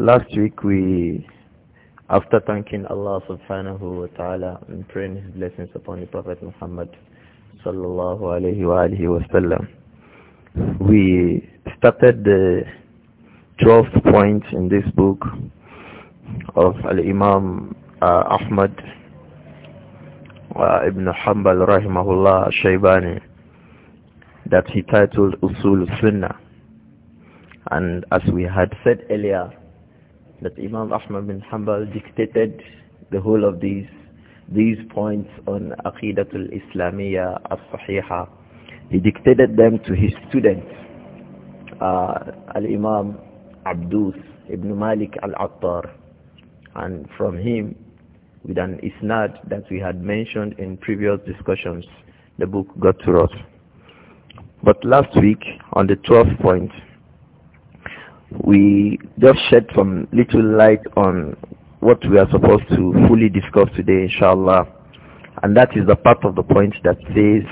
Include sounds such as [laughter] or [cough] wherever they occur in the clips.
Last week we, after thanking Allah subhanahu wa ta'ala and praying His blessings upon the Prophet Muhammad sallallahu alayhi wa alayhi wa sallam, we started the 12th point in this book of Al-Imam uh, Ahmad uh, Ibn Hanbal rahimahullah Shaybani that he titled Usul Sunnah. And as we had said earlier, that Imam Ahmad bin Hanbal dictated the whole of these these points on Aqidatul Islamiyya al-Sahiha. He dictated them to his student, uh, Al-Imam Abdus ibn Malik al-Attar. And from him, with an isnad that we had mentioned in previous discussions, the book got to us. But last week, on the 12th point, we just shed some little light on what we are supposed to fully discuss today, inshallah. And that is the part of the point that says,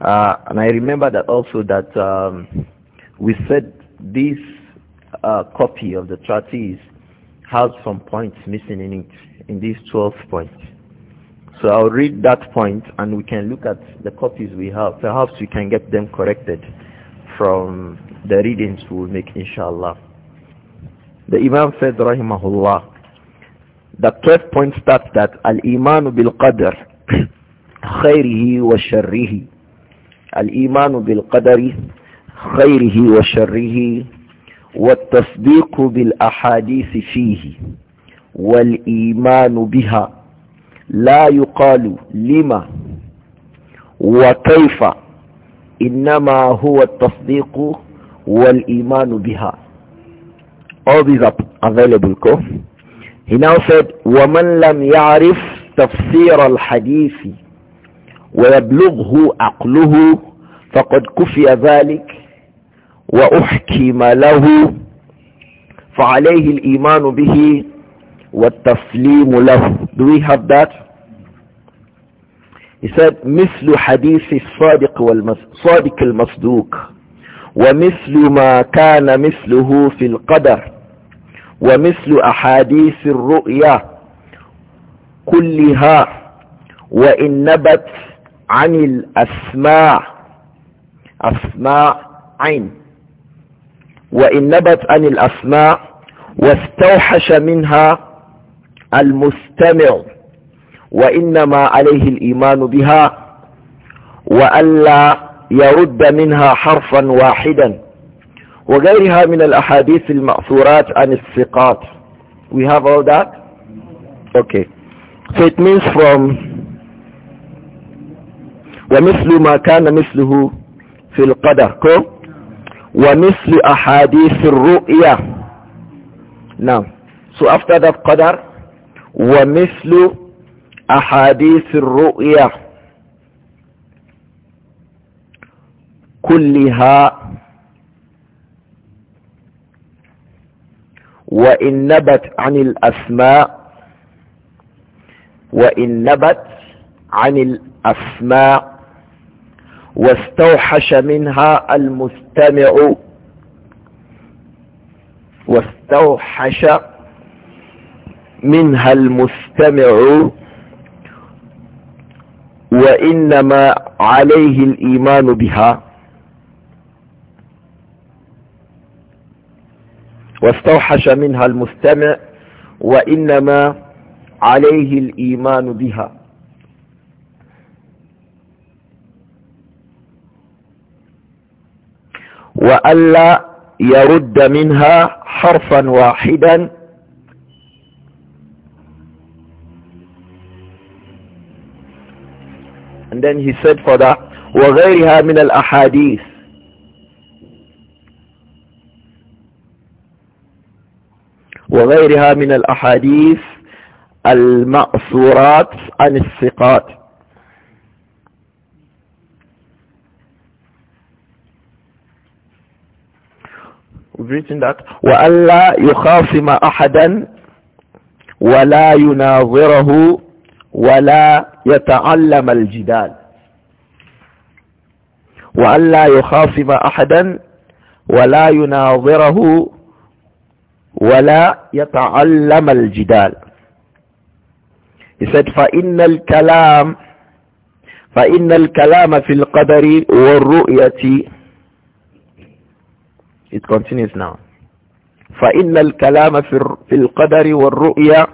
uh, and I remember that also that um, we said this uh, copy of the treatise has some points missing in it, in these 12 points. So I'll read that point and we can look at the copies we have. Perhaps we can get them corrected from the readings we will make inshallah. The Imam said rahimahullah the 12th point starts that al-iman bil qadr خيره وشره الإيمان بالقدر خيره وشره والتصديق بالأحاديث فيه والإيمان بها لا يقال لما وكيف إنما هو التصديق وَالْإِيمَانُ بِهَا All these are available, ko? He now said, وَمَنْ لَمْ يَعْرِفْ تَفْسِيرَ الْحَدِيثِ وَيَبْلُغْهُ عَقْلُهُ فَقَدْ كُفِيَ ذَلِكَ وَأُحْكِمَ لَهُ فعليه الإيمان به والتسليم له Do we have that? He said مثل حديث الصادق والمصدوق ومثل ما كان مثله في القدر ومثل أحاديث الرؤيا كلها وإن نبت عن الأسماء أسماء عين وإن نبت عن الأسماء واستوحش منها المستمع وإنما عليه الإيمان بها وألا يرد منها حرفا واحدا وغيرها من الأحاديث المأثورات عن الثقات we have all that okay so it means from ومثل ما كان مثله في القدر كو ومثل أحاديث الرؤيا نعم so after that قدر ومثل أحاديث الرؤيا كلها وإن نبت عن الأسماء وإن نبت عن الأسماء واستوحش منها المستمع واستوحش منها المستمع وإنما عليه الإيمان بها واستوحش منها المستمع وإنما عليه الإيمان بها وألا يرد منها حرفا واحدا and then he said for that وغيرها من الأحاديث وغيرها من الأحاديث المأثورات عن الثقات وألا يخاصم أحدا ولا يناظره ولا يتعلم الجدال وألا يخاصم أحدا ولا يناظره ولا يتعلم الجدال He said فإن الكلام فإن الكلام في القدر والرؤية It continues now فإن الكلام في القدر والرؤية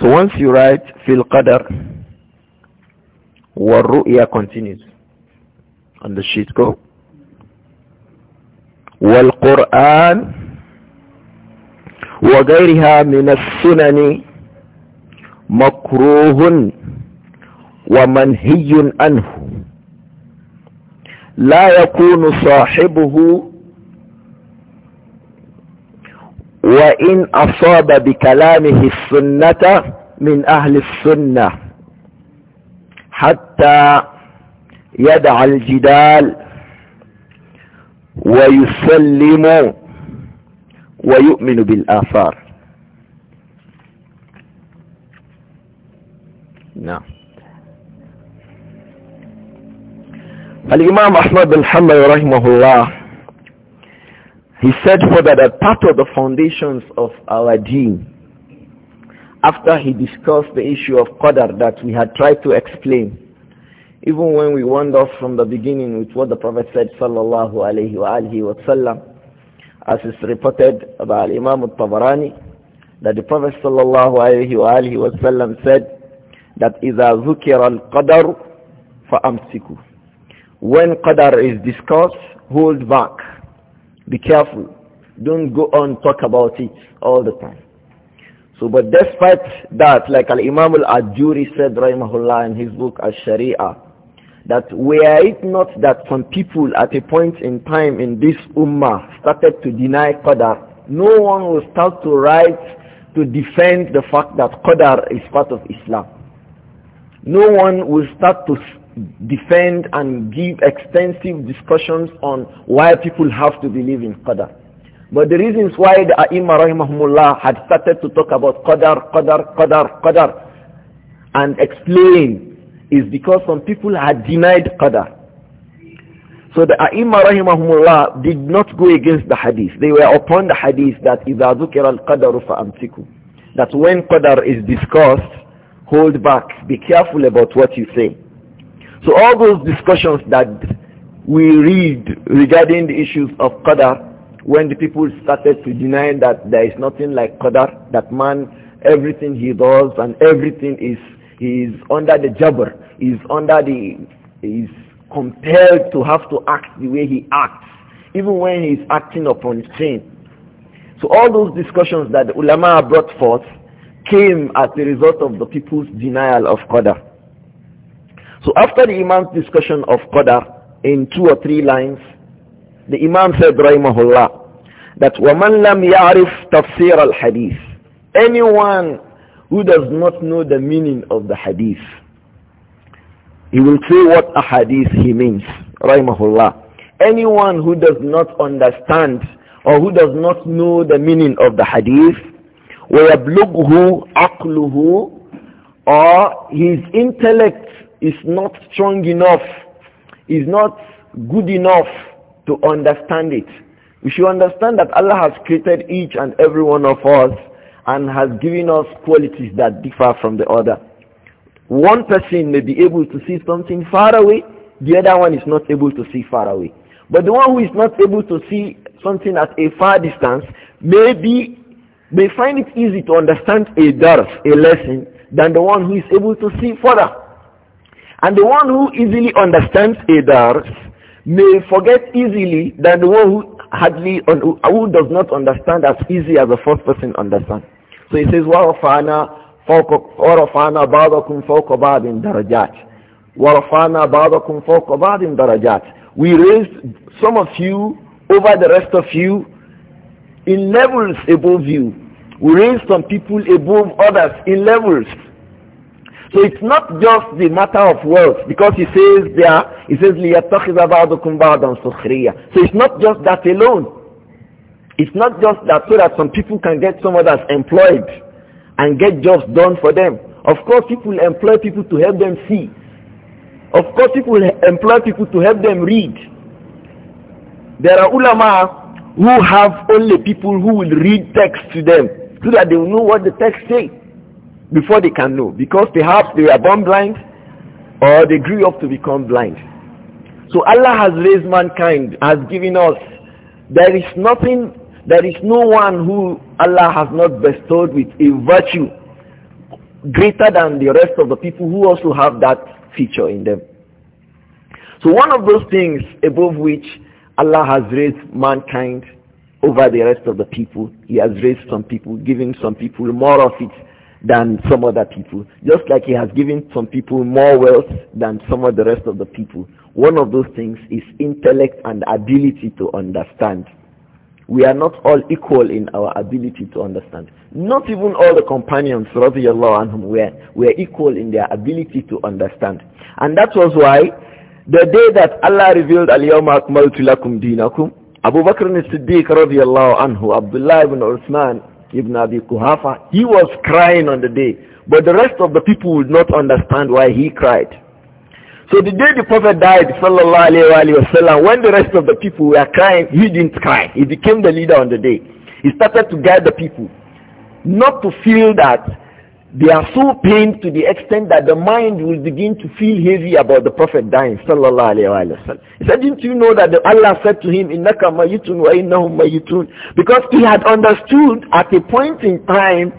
So once you write في القدر والرؤية continues on the sheet go والقرآن وغيرها من السنن مكروه ومنهي عنه لا يكون صاحبه وإن أصاب بكلامه السنة من أهل السنة حتى يدع الجدال ويسلم ويؤمن بالآثار نعم Al-Imam Ahmad bin Hanbal الله. he said "For that part of the foundations of our deen after he discussed the issue of qadar that we had tried to explain even when we wander off from the beginning with what the Prophet said, sallallahu alayhi wa alihi wa sallam, as is reported by Imam al-Tabarani, that the Prophet sallallahu alayhi wa alihi wa sallam said, that إِذَا ذُكِرَ الْقَدَرُ فَأَمْسِكُ When qadar is discussed, hold back. Be careful. Don't go on talk about it all the time. So, but despite that, like Al-Imam Al-Ajuri said, Rahimahullah, in his book Al-Sharia, that were it not that some people at a point in time in this ummah started to deny qadar, no one will start to write to defend the fact that qadar is part of Islam. No one will start to defend and give extensive discussions on why people have to believe in qadar. But the reasons why the ai am rahimahumullah had started to talk about qadar, qadar, qadar, qadar, and explain is because some people had denied qadar. So the A'imma rahimahumullah did not go against the hadith. They were upon the hadith that إِذَا ذُكِرَ الْقَدَرُ فَأَمْسِكُ That when qadar is discussed, hold back. Be careful about what you say. So all those discussions that we read regarding the issues of qadar, when the people started to deny that there is nothing like qadar, that man, everything he does and everything is, he is under the jabr is under the is compelled to have to act the way he acts, even when he is acting upon sin. So all those discussions that the ulama brought forth came as a result of the people's denial of qadar. So after the imam's discussion of qadar in two or three lines, the imam said, rahimahullah, that وَمَنْ لَمْ يَعْرِفْ تَفْسِيرَ الْحَدِيثِ Anyone who does not know the meaning of the hadith, he will say what a hadith he means. Rahimahullah. Anyone who does not understand or who does not know the meaning of the hadith, وَيَبْلُغْهُ عَقْلُهُ or his intellect is not strong enough, is not good enough to understand it. We should understand that Allah has created each and every one of us and has given us qualities that differ from the other. One person may be able to see something far away, the other one is not able to see far away. But the one who is not able to see something at a far distance may, be, may find it easy to understand a dars, a lesson, than the one who is able to see further. And the one who easily understands a dars may forget easily than the one who hardly who does not understand as easy as the first person understands. So he says, "Wa fana فوق ورفعنا بعضكم فوق بعض درجات ورفعنا بعضكم فوق بعض درجات we raised some of you over the rest of you in levels above you we raised some people above others in levels so it's not just the matter of wealth because he says there he says لِيَتَّخِذَ بَعْضُكُمْ بَعْضًا سُخْرِيًّا so it's not just that alone it's not just that so that some people can get some others employed and get jobs done for them. Of course, people employ people to help them see. Of course, people employ people to help them read. There are ulama who have only people who will read text to them so that they will know what the text say before they can know because perhaps they were born blind or they grew up to become blind. So Allah has raised mankind, has given us. There is nothing there is no one who Allah has not bestowed with a virtue greater than the rest of the people who also have that feature in them. So one of those things above which Allah has raised mankind over the rest of the people, He has raised some people, giving some people more of it than some other people. Just like He has given some people more wealth than some of the rest of the people. One of those things is intellect and ability to understand we are not all equal in our ability to understand. Not even all the companions, radiallahu anhum, were, were equal in their ability to understand. And that was why the day that Allah revealed Al-Yawma Akmaltu Lakum Dinakum, Abu Bakr as-Siddiq radiallahu anhu, Abdullah ibn Uthman ibn Abi Kuhafa, he was crying on the day. But the rest of the people would not understand why he cried. So the day the Prophet died, sallallahu alayhi wa sallam, when the rest of the people were crying, he didn't cry. He became the leader on the day. He started to guide the people. Not to feel that they are so pained to the extent that the mind will begin to feel heavy about the Prophet dying, sallallahu alayhi wa sallam. He said, didn't you know that Allah said to him, إِنَّكَ مَيِّتٌ وَإِنَّهُمْ مَيِّتُونَ Because he had understood at a point in time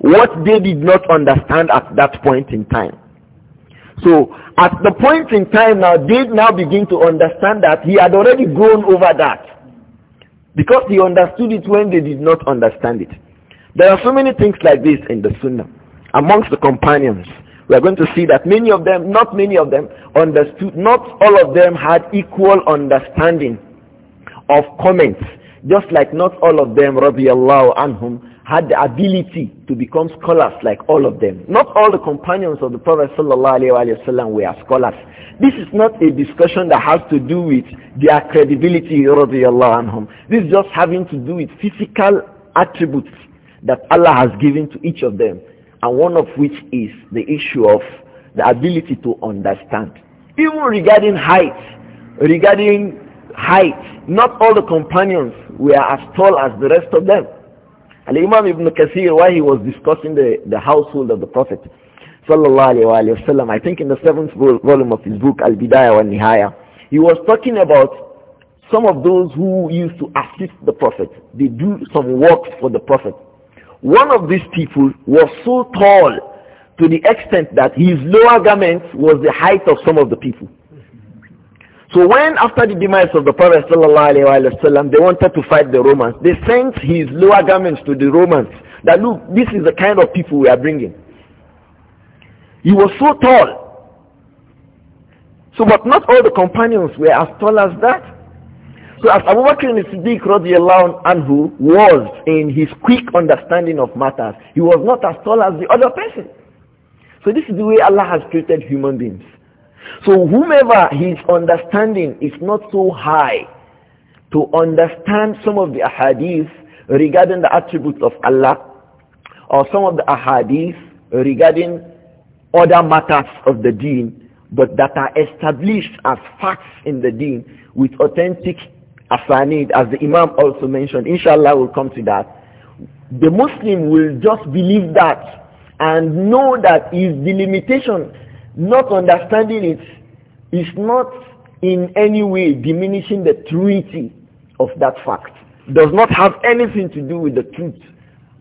what they did not understand at that point in time. So at the point in time now, they now begin to understand that he had already grown over that. Because he understood it when they did not understand it. There are so many things like this in the Sunnah. Amongst the companions, we are going to see that many of them, not many of them, understood, not all of them had equal understanding of comments. Just like not all of them, radiallahu anhum, had the ability to become scholars like all of them. Not all the companions of the Prophet ﷺ were scholars. This is not a discussion that has to do with their credibility. Anhum. This is just having to do with physical attributes that Allah has given to each of them, and one of which is the issue of the ability to understand. Even regarding height, regarding height, not all the companions were as tall as the rest of them. And Imam Ibn Kathir, while he was discussing the, the household of the Prophet, sallallahu alayhi I think in the seventh volume of his book, Al-Bidayah wa Nihaya, he was talking about some of those who used to assist the Prophet. They do some work for the Prophet. One of these people was so tall to the extent that his lower garment was the height of some of the people. So when after the demise of the Prophet wasallam, they wanted to fight the Romans, they sent his lower garments to the Romans that look, this is the kind of people we are bringing. He was so tall. So but not all the companions were as tall as that. So as Abu Bakr al-Siddiq radiallahu anhu was in his quick understanding of matters, he was not as tall as the other person. So this is the way Allah has treated human beings. So whomever his understanding is not so high to understand some of the ahadith regarding the attributes of Allah or some of the ahadith regarding other matters of the deen but that are established as facts in the deen with authentic asanid as the imam also mentioned inshallah we'll come to that the muslim will just believe that and know that is the limitation not understanding it is not in any way diminishing the truity of that fact. Does not have anything to do with the truth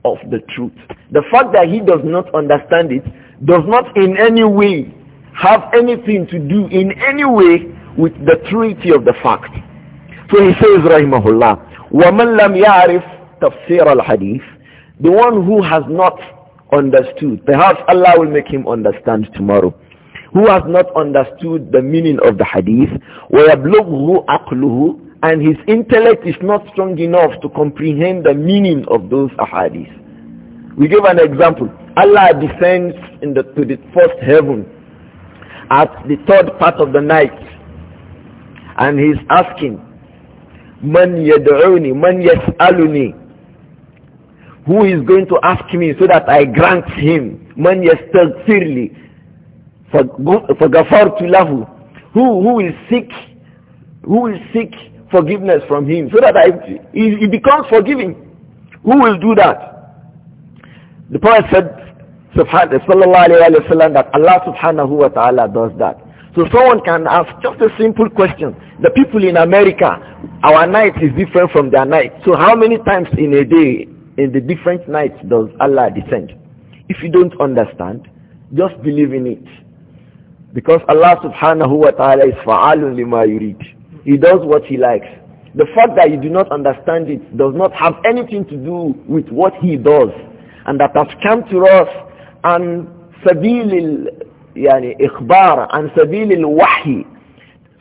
of the truth. The fact that he does not understand it does not in any way have anything to do in any way with the truity of the fact. So he says, Rahimahullah, وَمَنْ لَمْ يَعْرِفْ تَفْسِيرَ الْحَدِيثِ The one who has not understood, perhaps Allah will make him understand tomorrow who has not understood the meaning of the hadith, وَيَبْلُغْهُ أَقْلُهُ And his intellect is not strong enough to comprehend the meaning of those ahadith. We give an example. Allah descends the, to the first heaven at the third part of the night. And he's asking, Man yad'uni, man yas'aluni. Who is going to ask me so that I grant him? Man yastaghfirli for لَهُ Who, who will seek, who will seek forgiveness from him so that I, he, he becomes forgiving. Who will do that? The Prophet said, sallallahu Alaihi Wasallam." that Allah subhanahu wa ta'ala does that. So someone can ask just a simple question. The people in America, our night is different from their night. So how many times in a day, in the different nights, does Allah descend? If you don't understand, just believe in it. Because Allah subhanahu wa ta'ala is fa'alun lima yurid. He does what he likes. The fact that you do not understand it does not have anything to do with what he does. And that has come to us and sabil yani ikhbar and sabil wahi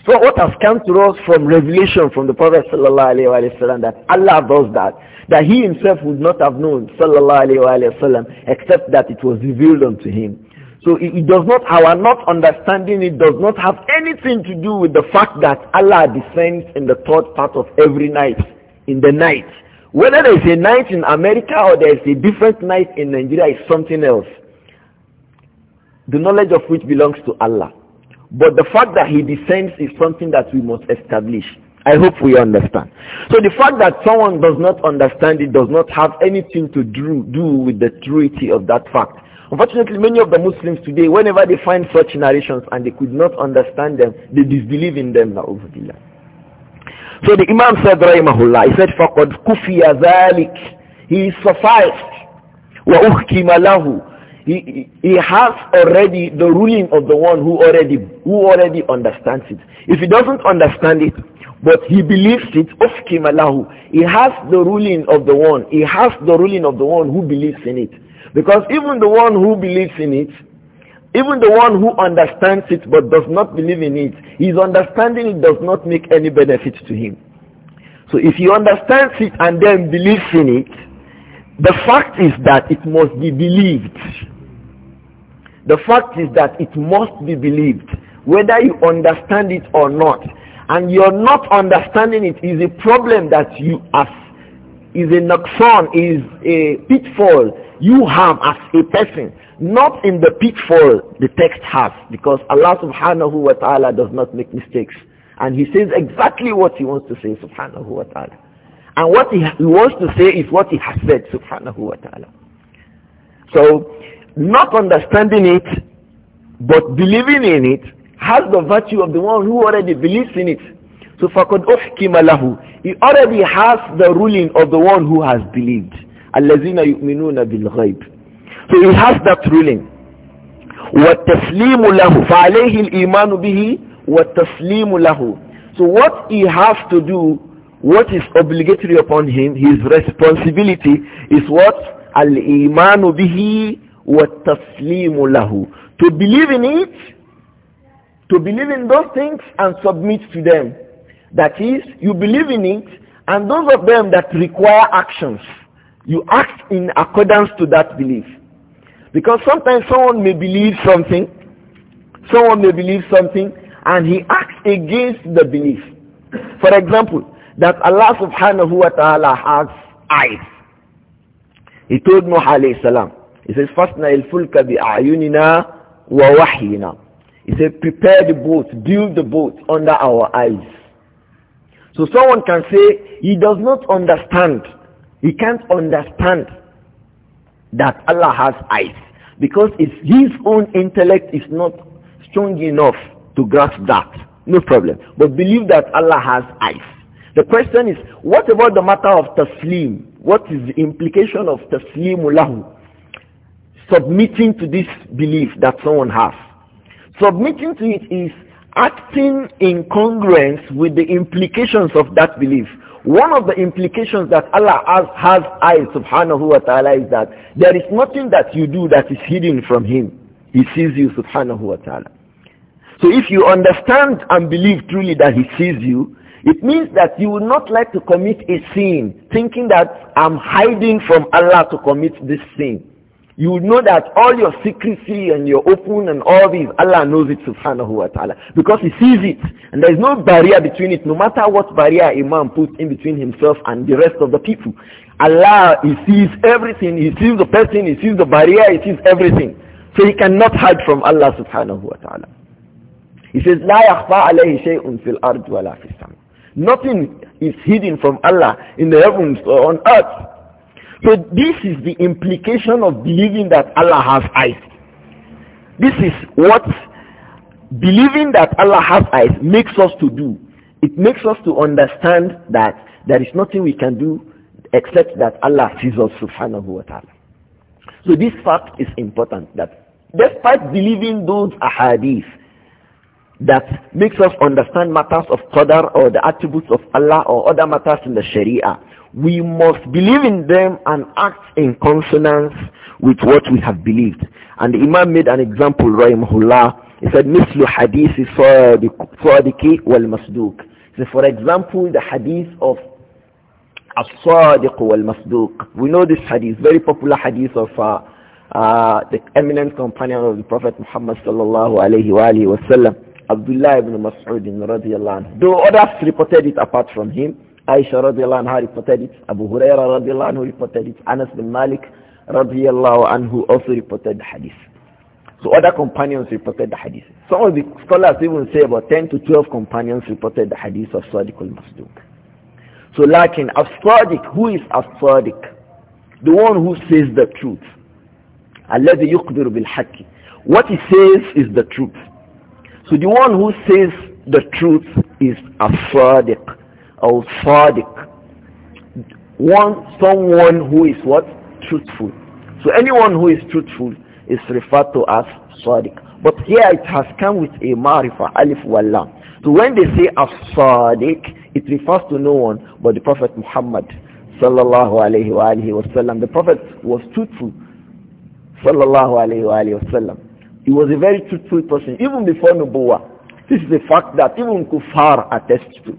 So what has come to us from revelation from the Prophet sallallahu alaihi wasallam that Allah does that, that he himself would not have known sallallahu alaihi wasallam except that it was revealed unto him. So it, it does not, our not understanding it does not have anything to do with the fact that Allah descends in the third part of every night, in the night. Whether there is a night in America or there is a different night in Nigeria is something else. The knowledge of which belongs to Allah. But the fact that he descends is something that we must establish. I hope we understand. So the fact that someone does not understand it does not have anything to do, do with the truity of that fact. Unfortunately, many of the Muslims today, whenever they find such narrations and they could not understand them, they disbelieve in them. So the Imam said, Rahimahullah, he said, فَقَدْ كُفِيَ ذَلك He is sufficed. Wa لَهُ he, he has already the ruling of the one who already who already understands it. If he doesn't understand it, but he believes it, أُحْكِمَ He has the ruling of the one. He has the ruling of the one who believes in it. Because even the one who believes in it, even the one who understands it but does not believe in it, his understanding it does not make any benefit to him. So if he understands it and then believes in it, the fact is that it must be believed. The fact is that it must be believed, whether you understand it or not. And your not understanding it is a problem that you are is a noxon, is a pitfall you have as a person. Not in the pitfall the text has, because Allah subhanahu wa ta'ala does not make mistakes. And he says exactly what he wants to say, subhanahu wa ta'ala. And what he, he wants to say is what he has said, subhanahu wa ta'ala. So, not understanding it, but believing in it, has the virtue of the one who already believes in it. So فَقَدْ أُحْكِمَ لَهُ He already has the ruling of the one who has believed. الَّذِينَ يُؤْمِنُونَ بِالْغَيْبِ So he has that ruling. وَالتَّسْلِيمُ لَهُ فَعَلَيْهِ الْإِيمَانُ بِهِ وَالتَّسْلِيمُ لَهُ So what he has to do, what is obligatory upon him, his responsibility is what? الْإِيمَانُ بِهِ وَالتَّسْلِيمُ لَهُ To believe in it, to believe in those things and submit to them. That is, you believe in it, and those of them that require actions, you act in accordance to that belief. Because sometimes someone may believe something, someone may believe something, and he acts against the belief. For example, that Allah subhanahu wa ta'ala has eyes. He told Nuh alayhi salam, he says, فَاسْنَا الْفُلْكَ بِأَعْيُنِنَا وَوَحْيِنَا He said, prepare the boat, build the boat under our eyes. So someone can say he does not understand. He can't understand that Allah has eyes because his own intellect is not strong enough to grasp that. No problem. But believe that Allah has eyes. The question is, what about the matter of taslim? What is the implication of taslimulahu, Submitting to this belief that someone has. Submitting to it is acting in congruence with the implications of that belief. One of the implications that Allah has, has I subhanahu wa ta'ala is that there is nothing that you do that is hidden from him. He sees you subhanahu wa ta'ala. So if you understand and believe truly that he sees you, it means that you will not like to commit a sin thinking that I'm hiding from Allah to commit this sin you would know that all your secrecy and your open and all these, Allah knows it subhanahu wa ta'ala. Because he sees it. And there is no barrier between it, no matter what barrier Imam puts in between himself and the rest of the people. Allah, he sees everything. He sees the person, he sees the barrier, he sees everything. So he cannot hide from Allah subhanahu wa ta'ala. He says, لا يخفى عليه شيء في الأرض ولا في السماء. Nothing is hidden from Allah in the heavens or on earth so this is the implication of believing that Allah has eyes. This is what believing that Allah has eyes makes us to do. It makes us to understand that there is nothing we can do except that Allah sees us subhanahu wa ta'ala. So this fact is important that despite believing those ahadith that makes us understand matters of Qadar or the attributes of Allah or other matters in the Sharia. We must believe in them and act in consonance with what we have believed. And the Imam made an example, Rahimahullah. He said, Mislu hadith is Sadiqi wal Masduq. So for example, the hadith of As-Sadiq wal Masduq. We know this hadith, very popular hadith of uh, uh, the eminent companion of the Prophet Muhammad sallallahu alayhi wa sallam Abdullah ibn Mas'ud radiallahu anhu. Though others reported it apart from him, Aisha radiallahu reported it, Abu Huraira radiallahu anhu reported it, Anas bin Malik radiallahu anhu also reported the hadith. So other companions reported the hadith. Some of the scholars even say about 10 to 12 companions reported the hadith of Sadiq al-Masduq. So lacking like sadiq who is as-Sadiq? The one who says the truth. الذي يقدر بالحق. What he says is the truth. So the one who says the truth is a sadiq or sadiq. One, someone who is what? Truthful. So anyone who is truthful is referred to as sadiq. But here it has come with a marifa, alif wallah. So when they say a sadiq, it refers to no one but the Prophet Muhammad sallallahu alayhi wa alayhi wa sallam. The Prophet was truthful sallallahu alayhi wa alayhi wa sallam. He was a very truthful person, even before Nubuwa. This is a fact that even Kufar attests to.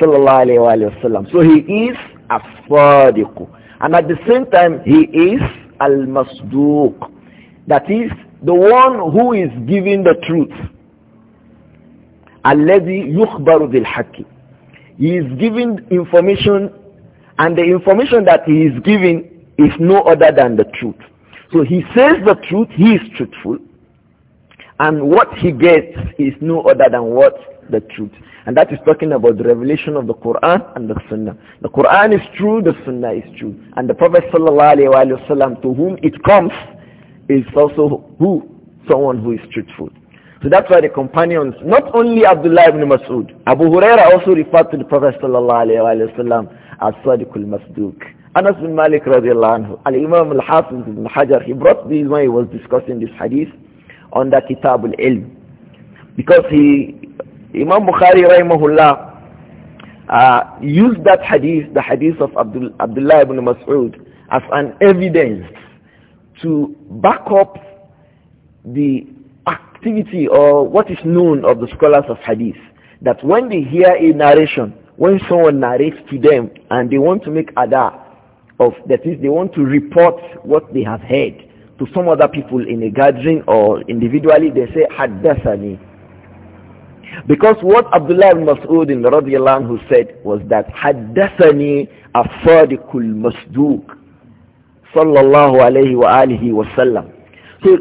Sallallahu alayhi wasallam. so he is as-sadiq. And at the same time, he is al-masduq. That is, the one who is giving the truth. Alladhi yukhbaru bil He is giving information and the information that he is giving is no other than the truth. So he says the truth, he is truthful. And what he gets is no other than what? The truth. And that is talking about the revelation of the Quran and the Sunnah. The Quran is true, the Sunnah is true. And the Prophet ﷺ to whom it comes is also who? Someone who is truthful. So that's why the companions, not only Abdullah ibn Mas'ud, Abu Huraira also referred to the Prophet ﷺ as Sadiqul Masduq. Anas bin Malik radiallahu anhu, Al-Imam al-Hafiz ibn Hajar, he brought these when he was discussing this hadith under Kitab al-Ilm. Because he, Imam Bukhari rahimahullah, uh, used that hadith, the hadith of Abdul, Abdullah ibn Mas'ud, as an evidence to back up the activity or what is known of the scholars of hadith. That when they hear a narration, when someone narrates to them and they want to make ada of, that is, they want to report what they have heard, to some other people in a gathering or individually, they say, Haddathani. Because what Abdullah ibn Mas'ud in radiallahu anhu said was that, Haddathani afadikul masduq, sallallahu alayhi wa alihi wa sallam. So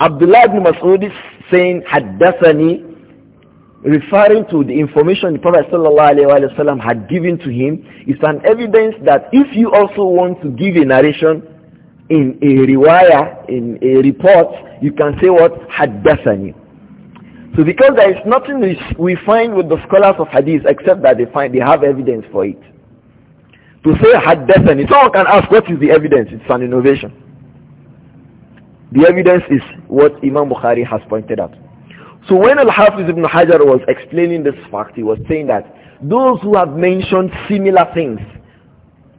Abdullah ibn Mas'ud is saying, Haddathani, referring to the information the Prophet ﷺ had given to him is an evidence that if you also want to give a narration, in a riwayah, in a report, you can say what? Haddathani. So because there is nothing which we find with the scholars of hadith except that they find they have evidence for it. To say haddathani, someone can ask what is the evidence? It's an innovation. The evidence is what Imam Bukhari has pointed out. So when Al-Hafiz ibn Hajar was explaining this fact, he was saying that those who have mentioned similar things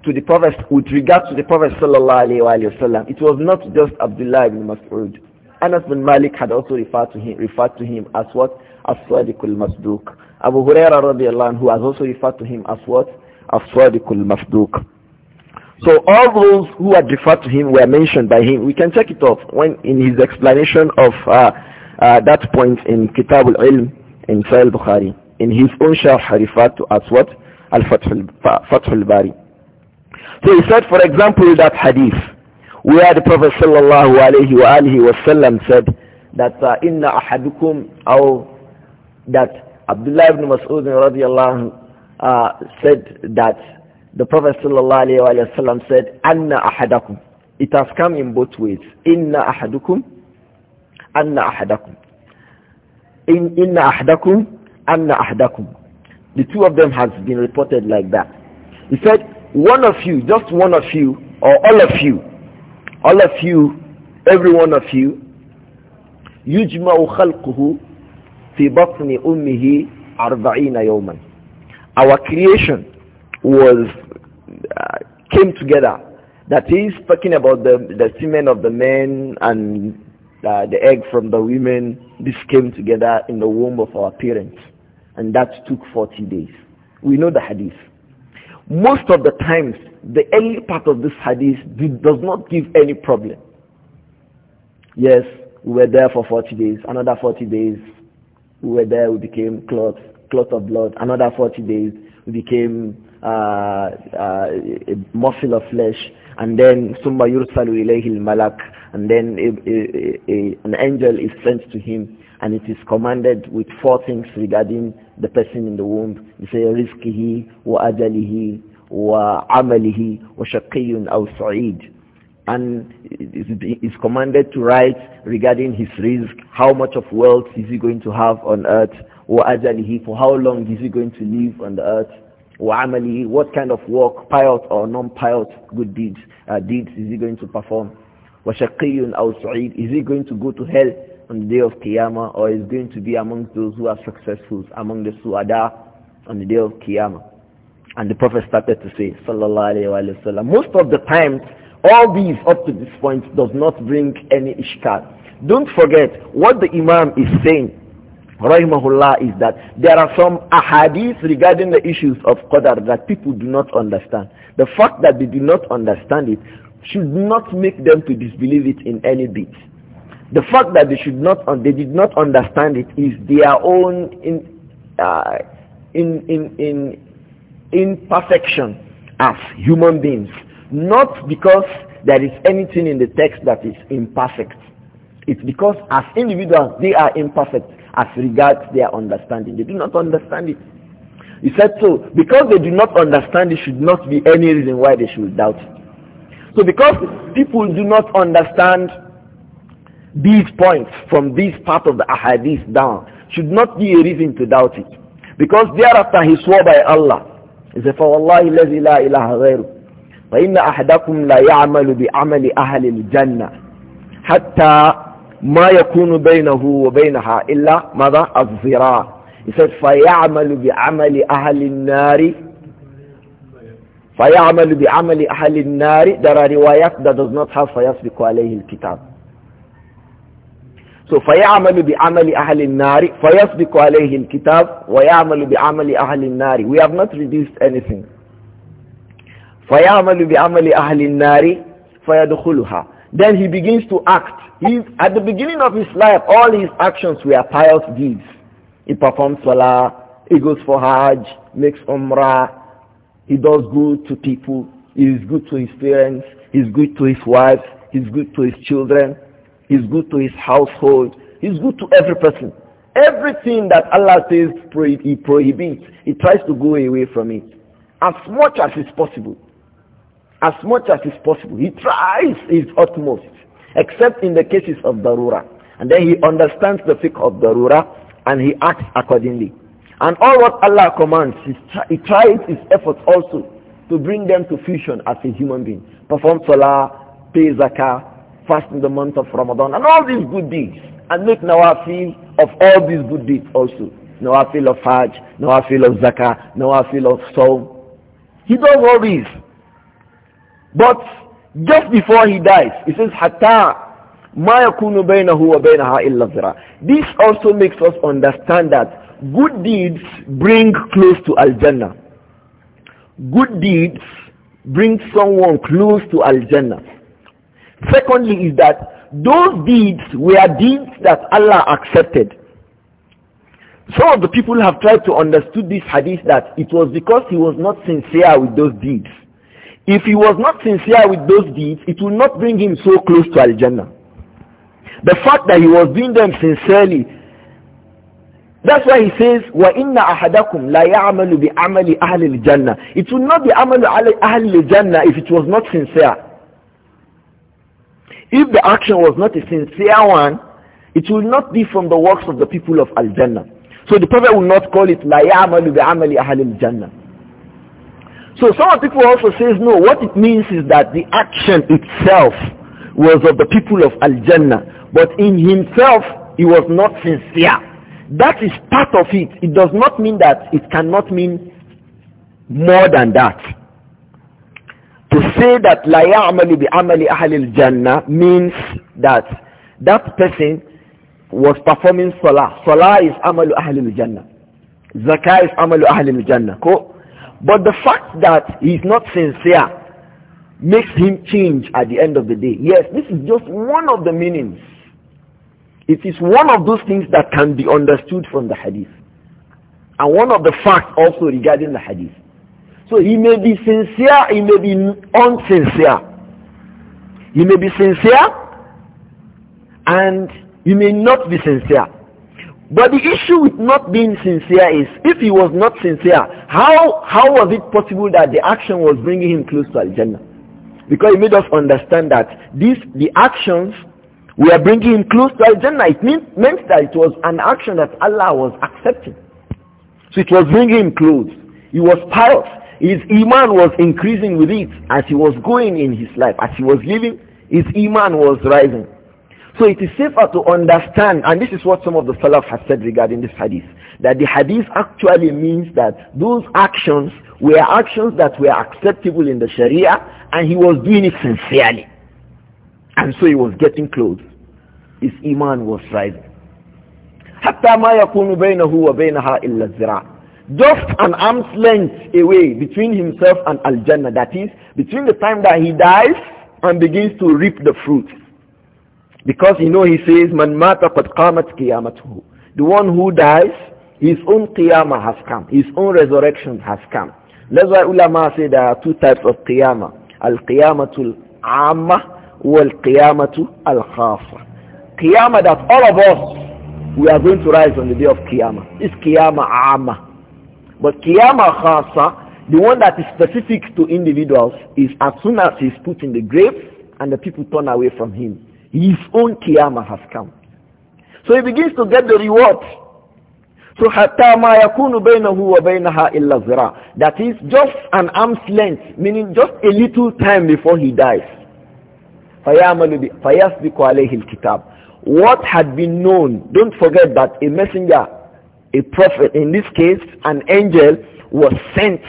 to the Prophet, with regard to the Prophet sallallahu alayhi wa it was not just Abdullah ibn Mas'ud. Anas bin Malik had also referred to him, referred to him as what? As-Sadiqul Masduq. Abu Huraira radiallahu anhu has also referred to him as what? As-Sadiqul Masduq. So all those who had referred to him were mentioned by him. We can check it off when in his explanation of uh, uh, that point in Kitab al-Ilm in Sahih al-Bukhari. In his own sharh referred to as what? Al-Fath bari so he said, for example, that hadith, where the Prophet sallallahu alayhi wa alihi wasallam said that uh, inna ahadukum that Abdullah ibn Mas'ud radiyallahu uh, said that the Prophet sallallahu alayhi wa sallam said anna ahadakum it has come in both ways inna ahadukum anna ahadakum in inna ahadakum anna ahadakum the two of them has been reported like that he said one of you, just one of you, or all of you, all of you, every one of you, يجمع خلقه في بطن أمه أربعين يوما. Our creation was uh, came together. That is talking about the the semen of the men and uh, the egg from the women. This came together in the womb of our parents, and that took 40 days. We know the hadith most of the times, the early part of this hadith did, does not give any problem. Yes, we were there for 40 days. Another 40 days, we were there, we became cloth, cloth of blood. Another 40 days, we became uh, uh, a muscle of flesh. And then, summa yursalu ilayhi malak. And then a, a, a, an angel is sent to him, and it is commanded with four things regarding the person in the womb. You say rizqihi wa he, wa amalihi wa shaqiyun aw sa'id. And is commanded to write regarding his risk, how much of wealth is he going to have on earth, wa ajalihi, for how long is he going to live on the earth, wa amalihi, what kind of work, pious or non-pious good deeds, uh, deeds is he going to perform, wa shaqiyun aw sa'id, is he going to go to hell on the day of Qiyamah or is going to be amongst those who are successful, among the Suada on the day of Qiyamah. And the Prophet started to say, Sallallahu Alaihi Wasallam, most of the times, all these up to this point does not bring any ishkar. Don't forget, what the Imam is saying, Rahimahullah, is that there are some ahadith regarding the issues of Qadar that people do not understand. The fact that they do not understand it should not make them to disbelieve it in any bit. The fact that they should not, they did not understand it is their own in, uh, in, in, in imperfection as human beings, not because there is anything in the text that is imperfect. It's because as individuals they are imperfect as regards their understanding. They do not understand it. He said so. Because they do not understand it should not be any reason why they should doubt it. So because people do not understand these points from this part of the ahadith down should not be a reason to doubt it. Because thereafter he swore by Allah. He said, فَوَاللَّهِ الَّذِي لَا إِلَهَ غَيْرُهُ فَإِنَّ أَحْدَكُمْ لَا يَعْمَلُ بِعَمَلِ أَهْلِ الْجَنَّةِ حَتَّى مَا يَكُونُ بَيْنَهُ وَبَيْنَهَا إِلَّا مَذَا أَذْزِرَاءً He said, فَيَعْمَلُ بِعَمَلِ أَهْلِ النَّارِ فَيَعْمَلُ بِعَمَلِ أَهْلِ النَّارِ There are riwayat that does not have fayasbiku alayhi al-kitab. So فَيَعْمَلُ بِعَمَلِ أَهْلِ النَّارِ فَيَسْبِقُ عَلَيْهِ الْكِتَابُ وَيَعْمَلُ بِعَمَلِ أَهْلِ النَّارِ We have not reduced anything. فَيَعْمَلُ بِعَمَلِ أَهْلِ النَّارِ فَيَدْخُلُهَا Then he begins to act. He's, at the beginning of his life, all his actions were pious deeds. He performs salah, he goes for hajj, makes umrah, he does good to people, he is good to his parents, he is good to his wife, he is good to his children, He's good to his household. He's good to every person. Everything that Allah says he prohibits, he tries to go away from it. As much as is possible. As much as is possible. He tries his utmost. Except in the cases of Darura. And then he understands the fiqh of Darura and he acts accordingly. And all what Allah commands, he tries his efforts also to bring them to fusion as a human being. Perform salah, pay zakah, fast in the month of Ramadan and all these good deeds and make nawafil of all these good deeds also. Nawafil of Hajj, nawafil of Zakah, nawafil of Sawm. He does all these. But just before he dies, he says, Hatta ma yakunu bainahu wa illa zira. This also makes us understand that good deeds bring close to Al-Jannah. Good deeds bring someone close to Al-Jannah. Secondly is that those deeds were deeds that Allah accepted. Some of the people have tried to understand this hadith that it was because he was not sincere with those deeds. If he was not sincere with those deeds, it will not bring him so close to Al-Jannah. The fact that he was doing them sincerely, that's why he says, وَإِنَّ أَحَدَكُمْ لَا يَعْمَلُ بِعَمَلِ أَهْلِ الْجَنَّةِ It would not be عَمَلُ أَهْلِ الْجَنَّةِ if it was not sincere. If the action was not a sincere one, it will not be from the works of the people of Al-Jannah. So the Prophet will not call it, لا يعمل بعمل أهل jannah So some people also says, no, what it means is that the action itself was of the people of Al-Jannah. But in himself, he was not sincere. That is part of it. It does not mean that it cannot mean more than that say that la ya'malu bi amali ahli jannah means that that person was performing salah. Salah is amalu ahli jannah. Zakah is amalu ahli jannah. But the fact that he's not sincere makes him change at the end of the day. Yes, this is just one of the meanings. It is one of those things that can be understood from the hadith. And one of the facts also regarding the hadith. So he may be sincere, he may be unsincere. He may be sincere and he may not be sincere. But the issue with not being sincere is, if he was not sincere, how, how was it possible that the action was bringing him close to Al-Jannah? Because it made us understand that this, the actions were bringing him close to Al-Jannah. It mean, meant that it was an action that Allah was accepting. So it was bringing him close. He was pious. His iman was increasing with it as he was going in his life. As he was living, his iman was rising. So it is safer to understand, and this is what some of the Salaf have said regarding this hadith, that the hadith actually means that those actions were actions that were acceptable in the Sharia, and he was doing it sincerely. And so he was getting close. His iman was rising. حتى ما يكون بينه وبينها إلا الزراع just an arm's length away between himself and Al-Jannah. That is, between the time that he dies and begins to reap the fruit. Because you know he says, Man mata qad qamat qiyamatuhu. The one who dies, his own qiyamah has come. His own resurrection has come. That's why ulama say there are two types of qiyamah. Al-qiyamatul amma wal-qiyamatul al-khafa. Qiyamah that all of us, we are going to rise on the day of qiyamah. It's qiyamah amma. But Kiyama Khasa, the one that is specific to individuals, is as soon as he's put in the grave and the people turn away from him, his own Kiyama has come. So he begins to get the reward. So hatta ma yakunu baynahu wa baynaha illa That is just an arm's length, meaning just a little time before he dies. فَيَسْبِقُ عَلَيْهِ الْكِتَابِ What had been known, don't forget that a messenger a prophet, in this case, an angel was sent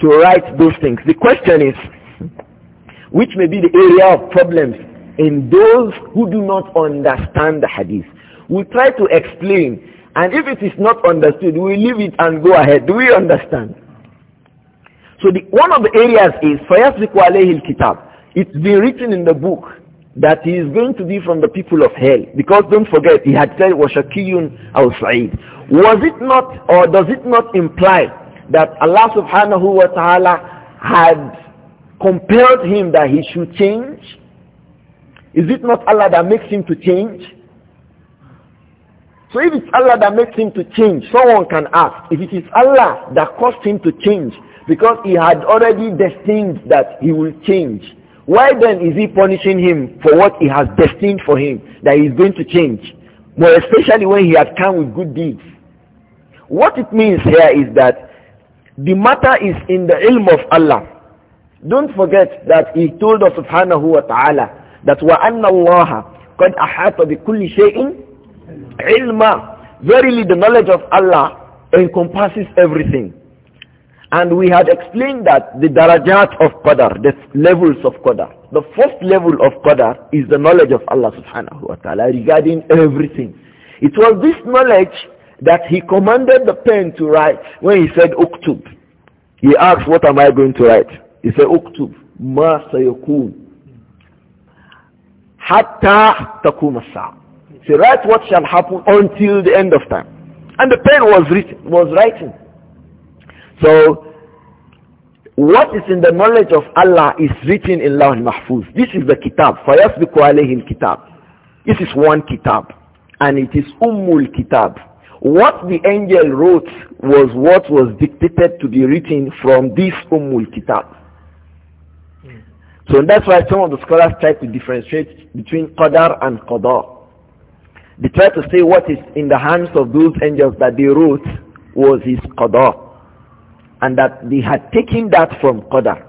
to write those things. The question is, which may be the area of problems in those who do not understand the hadith. We try to explain, and if it is not understood, we leave it and go ahead. Do we understand? So the, one of the areas is فَيَسْبِقُ عَلَيْهِ الْكِتَابِ It's been written in the book that he is going to be from the people of hell. Because don't forget, he had said, وَشَكِيٌّ أَوْ سَعِيدٌ was it not or does it not imply that Allah subhanahu wa ta'ala had compelled him that he should change? Is it not Allah that makes him to change? So if it's Allah that makes him to change, someone can ask, if it is Allah that caused him to change, because he had already destined that he will change, why then is he punishing him for what he has destined for him, that he is going to change? More especially when he had come with good deeds. What it means here is that the matter is in the ilm of Allah. Don't forget that He told us subhanahu wa ta'ala that وَأَنَّ اللَّهَ قَدْ أَحَاطَ بِكُلِّ شَيْءٍ عِلْمًا Verily the knowledge of Allah encompasses everything. And we had explained that the darajat of Qadar, the levels of Qadar. The first level of Qadar is the knowledge of Allah subhanahu wa ta'ala regarding everything. It was this knowledge that he commanded the pen to write when he said uktub. He asked, what am I going to write? He said uktub. Ma sayakun. Hatta takumasa." He said, write what shall happen until the end of time. And the pen was, written, was writing. So, what is in the knowledge of Allah is written in law al-Mahfuz. This is the kitab. bi عَلَيْهِ kitab. This is one kitab. And it is Ummul Kitab. What the angel wrote was what was dictated to be written from this Ummul Kitab. So that's why some of the scholars try to differentiate between Qadar and Qadar. They try to say what is in the hands of those angels that they wrote was his Qadar. And that they had taken that from Qadar.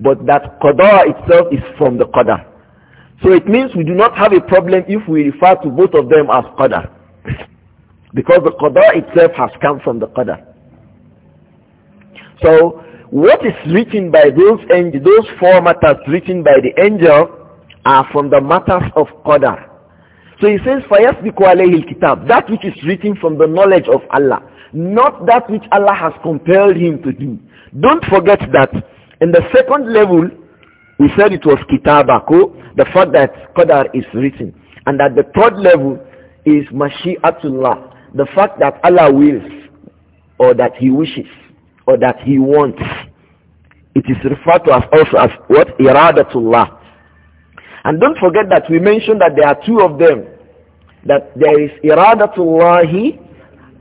But that Qadar itself is from the Qadar. So it means we do not have a problem if we refer to both of them as Qadar. Because the qadar itself has come from the qadar. So what is written by those angels, those four matters written by the angel are from the matters of qadar. So he says, فَيَسْبِكُ عَلَيْهِ kitab," That which is written from the knowledge of Allah. Not that which Allah has compelled him to do. Don't forget that in the second level, we said it was kitabako, the fact that qadar is written. And at the third level is mashi'atullah, the fact that Allah wills or that he wishes or that he wants it is referred to as also as what iradatullah and don't forget that we mentioned that there are two of them that there is iradatullahi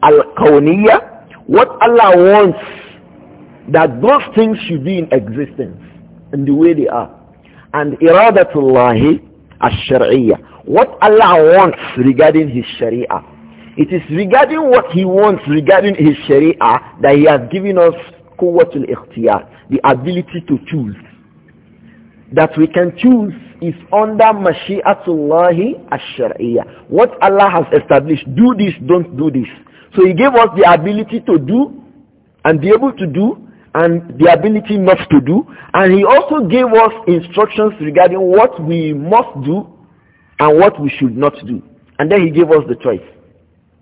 al kawniya, what Allah wants that those things should be in existence in the way they are and iradatullahi al-shar'iyya what Allah wants regarding his sharia it is regarding what he wants regarding his sharia that he has given us quwwatul ikhtiyar, the ability to choose. That we can choose is under mashi'atullahi ash-shar'iyya. What Allah has established, do this, don't do this. So he gave us the ability to do and be able to do and the ability not to do. And he also gave us instructions regarding what we must do and what we should not do. And then he gave us the choice.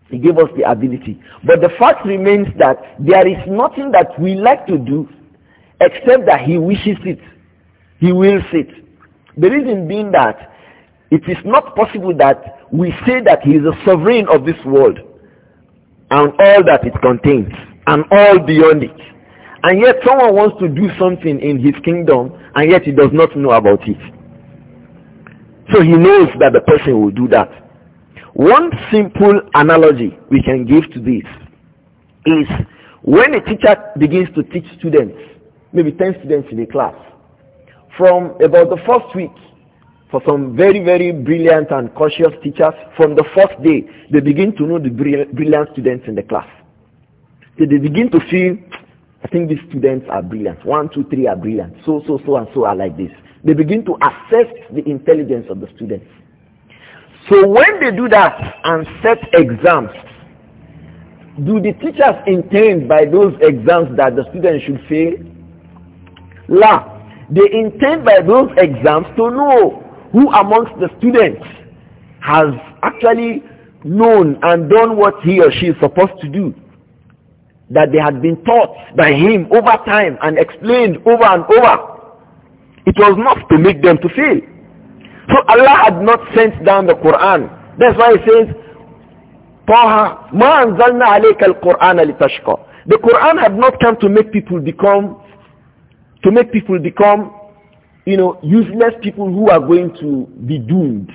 He gave us the ability. But the fact remains that there is nothing that we like to do except that he wishes it. He wills it. The reason being that it is not possible that we say that he is the sovereign of this world and all that it contains and all beyond it. And yet someone wants to do something in his kingdom and yet he does not know about it. So he knows that the person will do that. One simple analogy we can give to this is when a teacher begins to teach students, maybe 10 students in a class, from about the first week, for some very, very brilliant and cautious teachers, from the first day, they begin to know the brilliant students in the class. So they begin to feel, I think these students are brilliant. One, two, three are brilliant. So, so, so, and so are like this. They begin to assess the intelligence of the students. So when they do that and set exams, do the teachers intend by those exams that the students should fail? La. They intend by those exams to know who amongst the students has actually known and done what he or she is supposed to do. That they had been taught by him over time and explained over and over. It was not to make them to fail. So Allah had not sent down the Quran. That's why he says, ma anzalna أنزلنا al-Quran لتشقى. The Quran had not come to make people become, to make people become, you know, useless people who are going to be doomed.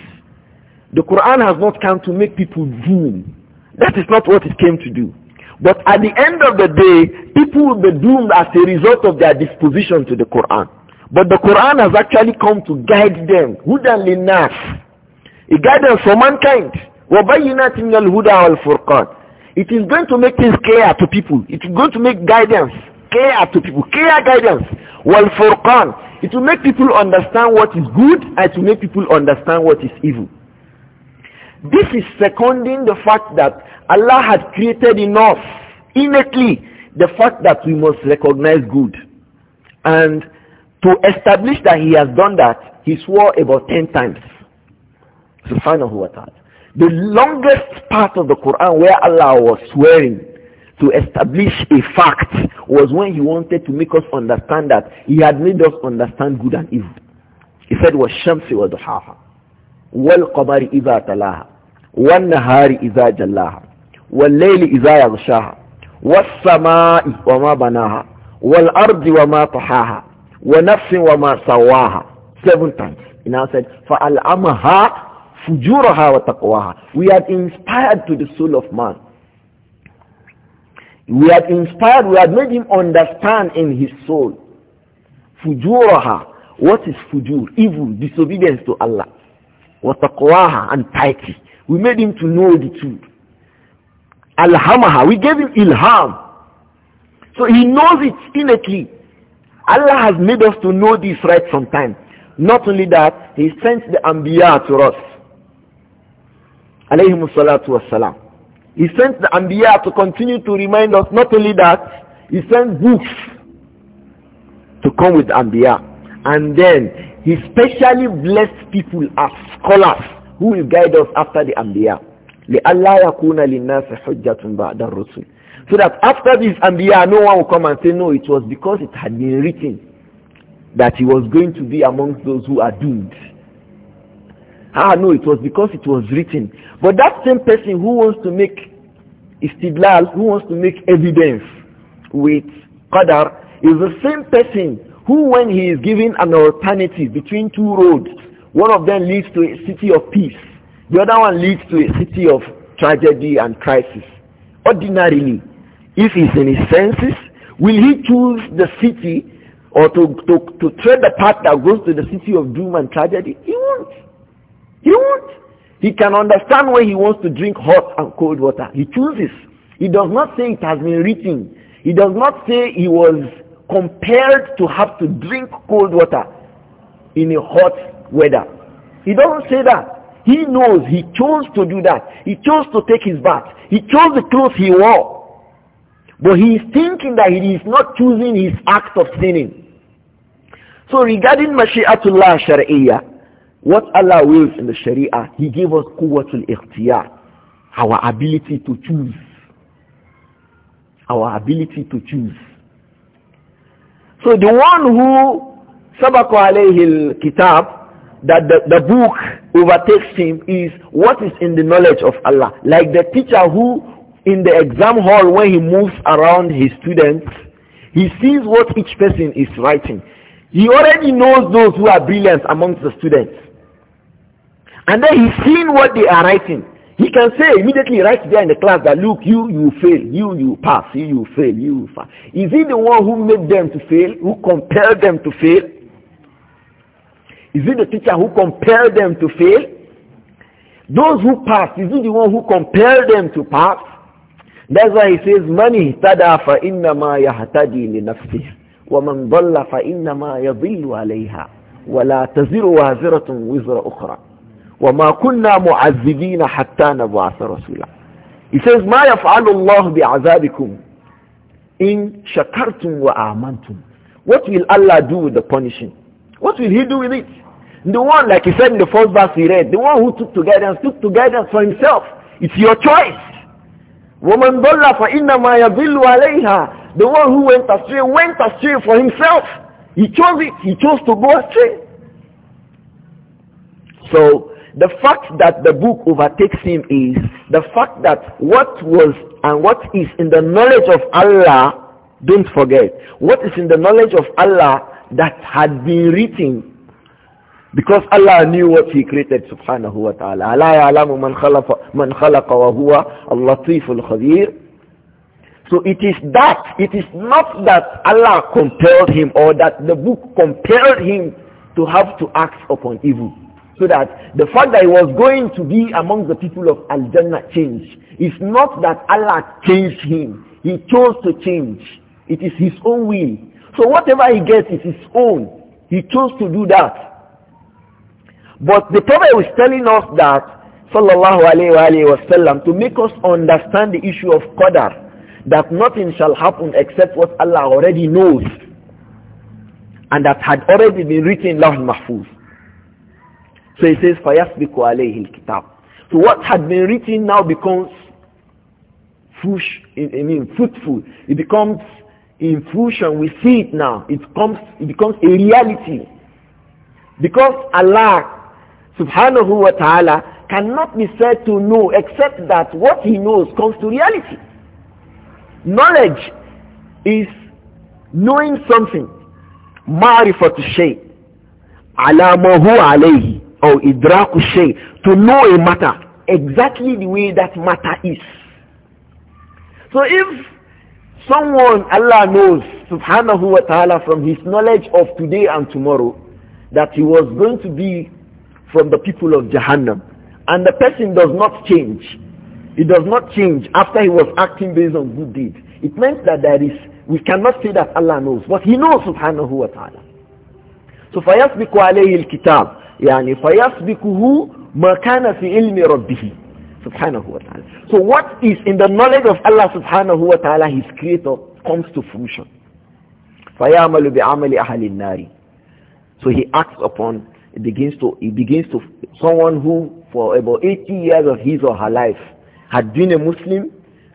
The Quran has not come to make people doom. That is not what it came to do. But at the end of the day, people will be doomed as a result of their disposition to the Quran. But the Quran has actually come to guide them. Hudan linnas. A guidance for mankind. It is going to make things clear to people. It is going to make guidance clear to people. Clear guidance. furqan. It will make people understand what is good and to make people understand what is evil. This is seconding the fact that Allah had created in us innately the fact that we must recognize good and to establish that he has done that, he swore about 10 times. Subhanahu wa ta'ala. The longest part of the Quran where Allah was swearing to establish a fact was when he wanted to make us understand that he had made us understand good and evil. He said, "Was Shamsi وَالشَّمْسِ وَضُحَاهَا وَالْقَمَرِ إِذَا تَلَاهَا وَالنَّهَارِ إِذَا جَلَّاهَا وَاللَّيْلِ إِذَا يَغْشَاهَا وَالسَّمَاءِ وَمَا بَنَاهَا وَالْأَرْضِ وَمَا طَحَاهَا wa nafsin wa ma sawaha seven times he now said fa al'amaha fujuraha wa taqwaha we are inspired to the soul of man we had inspired we had made him understand in his soul fujuraha what is fujur evil disobedience to allah wa taqwaha and piety we made him to know the truth alhamaha we gave him ilham so he knows it innately Allah has made us to know this right from time. Not only that, He sent the Anbiya to us. Alayhimu salatu wassalam. He sent the Anbiya to continue to remind us not only that, He sent books to come with Anbiya. And then He specially blessed people as scholars who will guide us after the Anbiya. لألا يكون للناس حجة بعد الرسل so that after this and Anbiya, no one will come and say, no, it was because it had been written that he was going to be amongst those who are doomed. Ah, no, it was because it was written. But that same person who wants to make istidlal, who wants to make evidence with qadar, is the same person who when he is given an alternative between two roads, one of them leads to a city of peace, the other one leads to a city of tragedy and crisis. Ordinarily, if he's in his senses, will he choose the city or to, to, to tread the path that goes to the city of doom and tragedy? He won't. He won't. He can understand why he wants to drink hot and cold water. He chooses. He does not say it has been written. He does not say he was compelled to have to drink cold water in a hot weather. He doesn't say that. He knows he chose to do that. He chose to take his bath. He chose the clothes he wore. But he is thinking that he is not choosing his act of sinning. So regarding Mashi'atullah Shari'iyah, what Allah wills in the Sharia, He gave us quwwatul ikhtiyar, our ability to choose. Our ability to choose. So the one who sabaku alayhi kitab that the, the book overtakes him is what is in the knowledge of Allah. Like the teacher who in the exam hall when he moves around his students, he sees what each person is writing. He already knows those who are brilliant amongst the students. And then he's seeing what they are writing. He can say immediately right there in the class that look, you, you fail, you, you pass, you, you fail, you, you fail. Is he the one who made them to fail, who compelled them to fail? Is it the teacher who compelled them to fail? Those who passed, is it the one who compelled them to pass? That's why he says, "Money tada fa inna ma yahtadi li nafsihi, wa man dhalla fa inna ma yadhillu alayha, wa la taziru waziratun wizra ukhra, wa ma kunna mu'azzibina hatta nab'atha rasula." He says, "Ma yaf'alu Allah bi'azabikum in shakartum wa amantum." What will Allah do with the punishing? What will He do with it? The one, like he said in the first verse he read, the one who took to guidance, took to guidance for himself. It's your choice. Woman dolla fa inna alayha. The one who went astray went astray for himself. He chose it. He chose to go astray. So the fact that the book overtakes him is the fact that what was and what is in the knowledge of Allah, don't forget, what is in the knowledge of Allah that had been written because Allah knew what He created, subhanahu wa ta'ala. أَلَا يَعْلَمُ مَنْ خَلَقَ, man خلق wa huwa اللَّطِيفُ الْخَبِيرُ So it is that, it is not that Allah compelled him or that the book compelled him to have to act upon evil. So that the fact that he was going to be among the people of Al-Jannah changed. It's not that Allah changed him. He chose to change. It is his own will. So whatever he gets is his own. He chose to do that. But the Prophet was telling us that, sallallahu alayhi wa, sallam, to make us understand the issue of qadar, that nothing shall happen except what Allah already knows, and that had already been written in Lawh Mahfuz. So he says, فَيَسْبِكُ عَلَيْهِ الْكِتَابِ So what had been written now becomes fush. I mean, fruitful. It becomes in fruition. We see it now. It, comes, it becomes a reality. Because Allah subhanahu wa ta'ala cannot be said to know except that what he knows comes to reality. Knowledge is knowing something. Ma'rifatu shay. Ala mahu alayhi. Or idraku shay. To know a matter exactly the way that matter is. So if someone Allah knows subhanahu wa ta'ala from his knowledge of today and tomorrow that he was going to be from the people of Jahannam. And the person does not change. It does not change after he was acting based on good deeds. It means that there is, we cannot say that Allah knows, but He knows subhanahu wa ta'ala. So فَيَسْبِكُ عَلَيْهِ الْكِتَابِ يعني فَيَسْبِكُهُ مَا كَانَ فِي إِلْمِ رَبِّهِ subhanahu wa ta'ala. So what is in the knowledge of Allah subhanahu wa ta'ala, His creator, comes to fruition. فَيَعْمَلُ بِعَمَلِ أَهَلِ النَّارِ So he acts upon it begins to it begins to someone who for about 80 years of his or her life had been a Muslim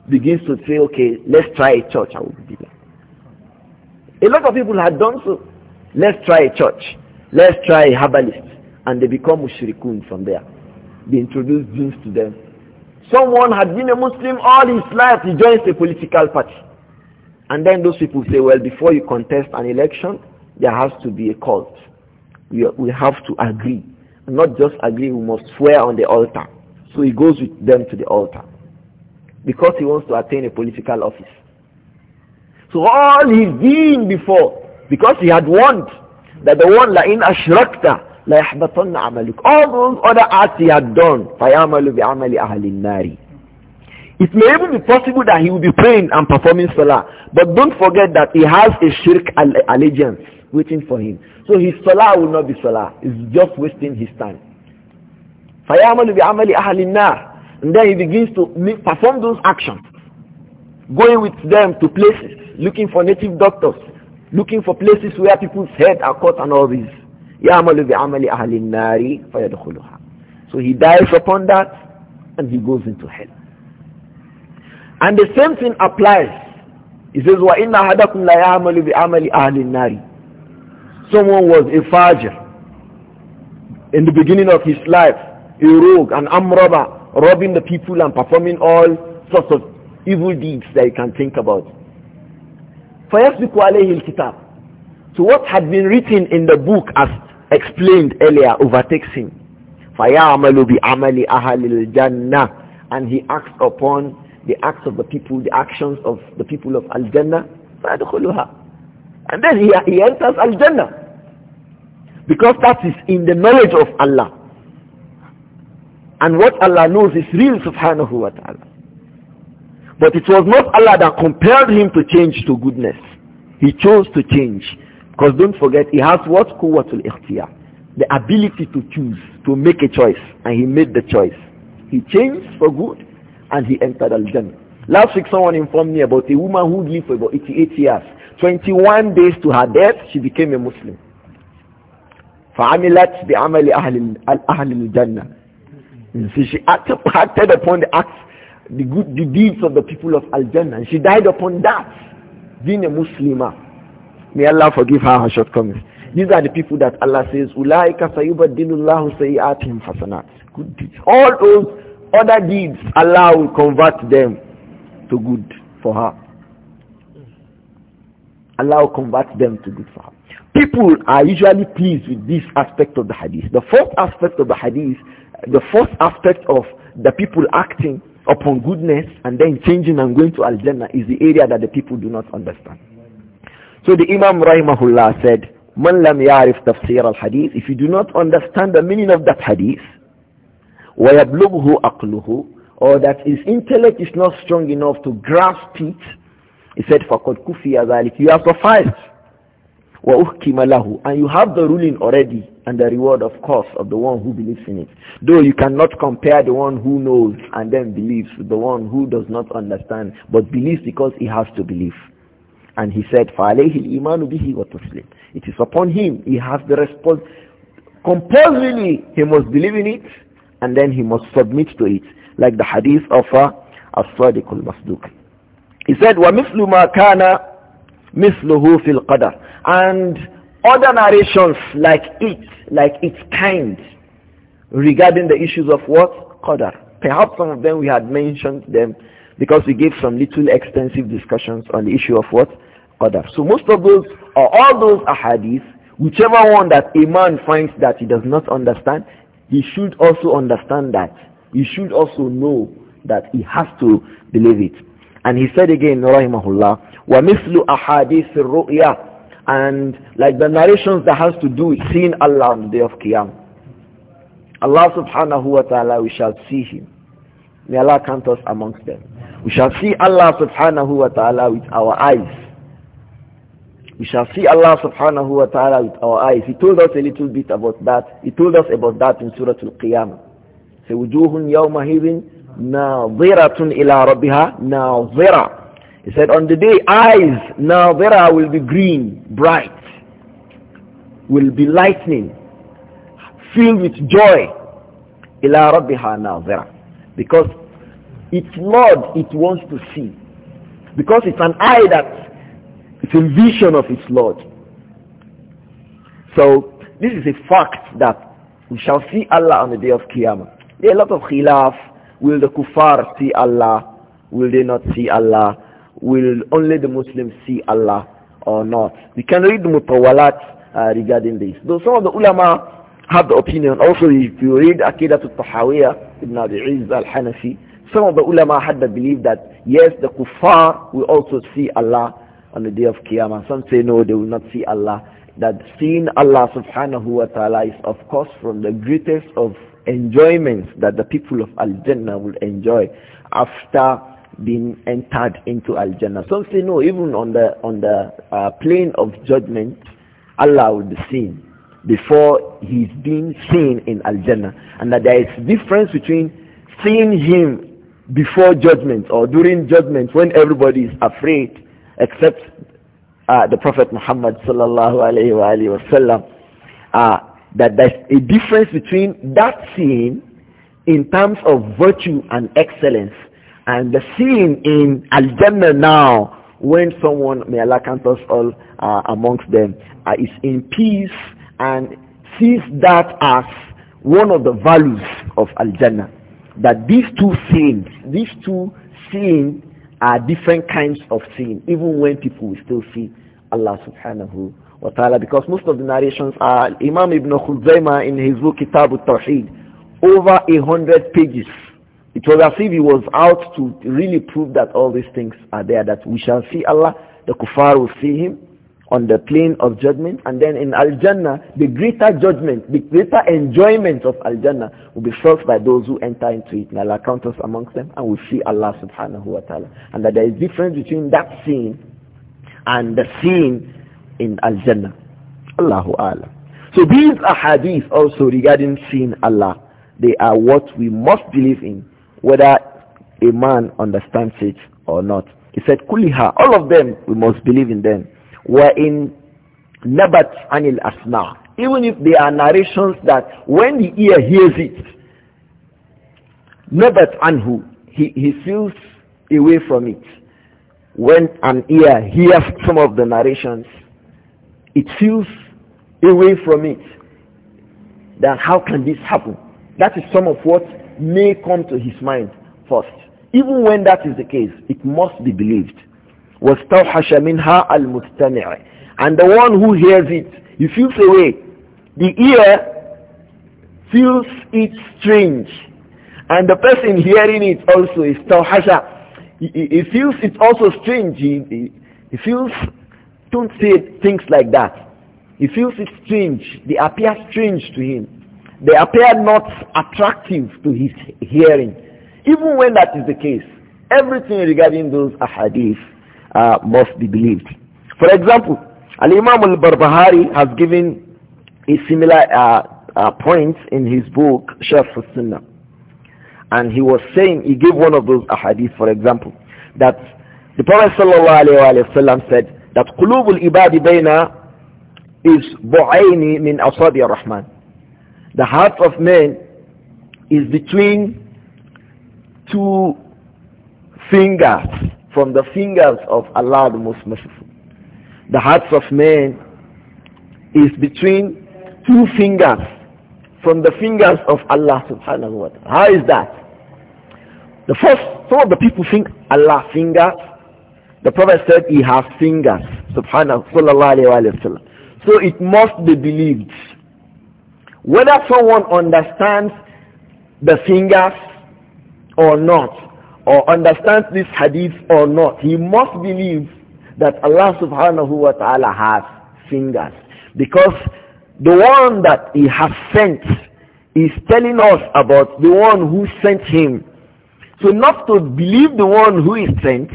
begins to say, okay, let's try a church. I will be there. A lot of people had done so. Let's try a church. Let's try a herbalist. And they become mushrikun from there. They introduce jinns to them. Someone had been a Muslim all his life. He joins a political party. And then those people say, well, before you contest an election, there has to be a cult we, we have to agree. And not just agree, we must swear on the altar. So he goes with them to the altar. Because he wants to attain a political office. So all he's been before, because he had warned that the one la in ashrakta la yahbatanna amaluk. All those other acts he had done, fayamalu bi amali ahli nari. It may even be possible that he will be praying and performing salah, but don't forget that he has a shirk allegiance waiting for him. So his salah will not be salah. It's just wasting his time. فَيَعْمَلُ بِعَمَلِ أَهْلِ النَّارِ And then he begins to perform those actions. Going with them to places, looking for native doctors, looking for places where people's heads are cut and all this. يَعْمَلُ بِعَمَلِ أَهْلِ النَّارِ فَيَدْخُلُهَا So he dies upon that and he goes into hell. And the same thing applies. He says, وَإِنَّ أَحَدَكُمْ لَيَعْمَلُ بِعَمَلِ أَهْلِ النَّارِ someone was a fajr in the beginning of his life, a rogue, an armed robber, robbing the people and performing all sorts of evil deeds that you can think about. فَيَسْبِقُ عَلَيْهِ الْكِتَابِ So what had been written in the book as explained earlier overtakes him. فَيَعْمَلُ بِعَمَلِ أَهَلِ الْجَنَّةِ And he acts upon the acts of the people, the actions of the people of Al-Jannah. فَيَدْخُلُهَا and then he, he enters Al-Jannah. Because that is in the knowledge of Allah. And what Allah knows is real subhanahu wa ta'ala. But it was not Allah that compelled him to change to goodness. He chose to change. Because don't forget, he has what? Quwwatul ikhtiyar. The ability to choose, to make a choice. And he made the choice. He changed for good and he entered Al-Jannah. Last week someone informed me about a woman who lived for about 88 years 21 days to her death, she became a Muslim. فَعَمِلَتْ بِعَمَلِ أَهْلِ الْجَنَّةِ see, she acted upon the acts, the good the deeds of the people of Al-Jannah. And she died upon that, being a Muslimah. May Allah forgive her her shortcomings. These are the people that Allah says, Ulaika sayubaddilullahu sayi'atihim hasanat. Good deeds. All those other deeds, Allah will convert them to good for her. Allah will convert them to good for her. People are usually pleased with this aspect of the hadith. The fourth aspect of the hadith, the fourth aspect of the people acting upon goodness and then changing and going to Al-Jannah is the area that the people do not understand. So the Imam Rahimahullah said, Man lam yarif tafsir al-hadith, if you do not understand the meaning of that hadith, وَيَبْلُغْهُ akluhu, Or that his intellect is not strong enough to grasp it, he said, فَقَدْ كُفِيَ ذَلِكَ You have sufficed. وَأُحْكِمَ لَهُ And you have the ruling already and the reward, of course, of the one who believes in it. Though you cannot compare the one who knows and then believes with the one who does not understand, but believes because he has to believe. And he said, فَعَلَيْهِ الْإِيمَانُ بِهِ وَتُسْلِمْ It is upon him. He has the response. Compulsively, he must believe in it and then he must submit to it. Like the hadith of uh, As-Sadiq al-Masduq. He said, وَمِثْلُ مَا كَانَ مِثْلُهُ fil الْقَدَرِ And other narrations like it, like its kind, regarding the issues of what? Qadar. Perhaps some of them we had mentioned them because we gave some little extensive discussions on the issue of what? Qadar. So most of those, or all those ahadith, whichever one that a man finds that he does not understand, he should also understand that. He should also know that he has to believe it. And he said again, rahimahullah, وَمِثْلُ أَحَادِيثِ الرُّؤْيَا And like the narrations that has to do with seeing Allah on the day of Qiyam. Allah subhanahu wa ta'ala, we shall see him. May Allah count us amongst them. We shall see Allah subhanahu wa ta'ala with our eyes. We shall see Allah subhanahu wa ta'ala with our eyes. He told us a little bit about that. He told us about that in Surah Al-Qiyamah. So, وُجُوهٌ يَوْمَ نَاظِرَةٌ إِلَىٰ رَبِّهَا نَاظِرَةٌ He said, on the day, eyes, نَاظِرَةٌ will be green, bright, will be lightning, filled with joy, إِلَىٰ Now نَاظِرَةٌ Because its Lord it wants to see. Because it's an eye that it's a vision of its Lord. So this is a fact that we shall see Allah on the day of Qiyamah. There are a lot of khilaf Will the kuffar see Allah? Will they not see Allah? Will only the Muslims see Allah or not? We can read mutawalat uh, regarding this. Though some of the ulama have the opinion. Also, if you read Aqidat al-Tahawiyah, Ibn Abi Izz al-Hanafi, some of the ulama had the belief that, yes, the kuffar will also see Allah on the day of Qiyamah. Some say, no, they will not see Allah. That seeing Allah subhanahu wa ta'ala is, of course, from the greatest of enjoyments that the people of Al-Jannah will enjoy after being entered into Al-Jannah. Some say no, even on the, on the uh, plane of judgment, Allah will be seen before he has being seen in Al-Jannah. And that there is difference between seeing him before judgment or during judgment when everybody is afraid except uh, the Prophet Muhammad sallallahu alayhi wa sallam. Uh, that there's a difference between that sin in terms of virtue and excellence and the sin in Al-Jannah now when someone, may Allah count us all uh, amongst them, uh, is in peace and sees that as one of the values of Al-Jannah. That these two sins, these two sins are different kinds of sin, even when people will still see Allah subhanahu wa ta'ala because most of the narrations are Imam Ibn Khuzaimah in his book Kitab al-Tawheed over a hundred pages. It was as if he was out to really prove that all these things are there, that we shall see Allah, the kuffar will see him on the plane of judgment, and then in Al-Jannah, the greater judgment, the greater enjoyment of Al-Jannah will be felt by those who enter into it. And Allah count us amongst them, and we see Allah subhanahu wa ta'ala. And that there is difference between that scene and the scene in Al-Jannah. Allahu Alam. So these ahadith also regarding seeing Allah, they are what we must believe in, whether a man understands it or not. He said, Kuliha, all of them, we must believe in them. Were in Nabat Anil Asna. Even if they are narrations that when the ear hears it, Nabat Anhu, he, he feels away from it. When an ear hears some of the narrations, it feels away from it. That how can this happen? That is some of what may come to his mind first. Even when that is the case, it must be believed. وَاسْتَوْحَشَ مِنْهَا الْمُتَّمِعِ And the one who hears it, he feels away. The ear feels it strange. And the person hearing it also is tawhasha. He, he, he feels it also strange. He, he, he feels don't say things like that. He feels it strange. They appear strange to him. They appear not attractive to his hearing. Even when that is the case, everything regarding those ahadith uh, must be believed. For example, Al-Imam al-Barbahari has given a similar uh, uh, point in his book, Sharf al-Sunnah. And he was saying, he gave one of those ahadith, for example, that the Prophet said, that qulubul ibadi bayna is bu'aini min asabi rahman the heart of man is between two fingers from the fingers of Allah the most merciful the hearts of men is between two fingers from the fingers of Allah subhanahu wa ta'ala how is that the first some of the people think Allah fingers the Prophet said he has fingers. Subhanahu wa So it must be believed. Whether someone understands the fingers or not, or understands this hadith or not, he must believe that Allah subhanahu wa ta'ala has fingers. Because the one that he has sent is telling us about the one who sent him. So not to believe the one who is sent,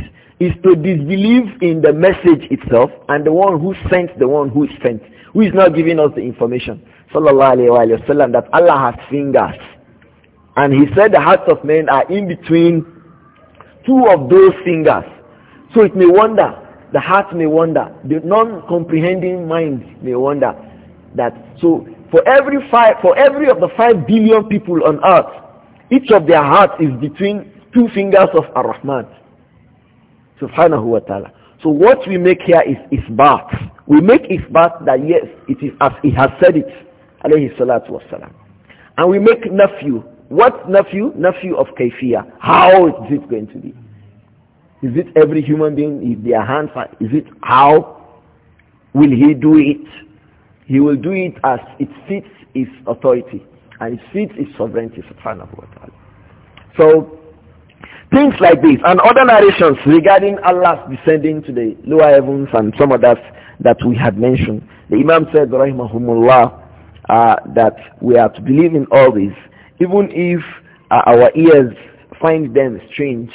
is to disbelieve in the message itself and the one who sent the one who is sent, who is not giving us the information. Sallallahu alayhi wa sallam, that Allah has fingers. And he said the hearts of men are in between two of those fingers. So it may wander, the heart may wander, the non-comprehending mind may wander. That so for every five, for every of the five billion people on earth, each of their hearts is between two fingers of Ar-Rahman. Subhanahu wa ta'ala. So what we make here is isbat. We make isbat that yes, it is as he has said it. Alayhi salatu wasalam. And we make nephew. What nephew? Nephew of Kaifia? How is it going to be? Is it every human being? Is their hands? Is it how will he do it? He will do it as it fits his authority and it fits his sovereignty, subhanahu wa ta'ala. So Things like this and other narrations regarding Allah's descending to the lower heavens and some others that we had mentioned. The Imam said, Rahimahumullah, uh, that we are to believe in all this, even if uh, our ears find them strange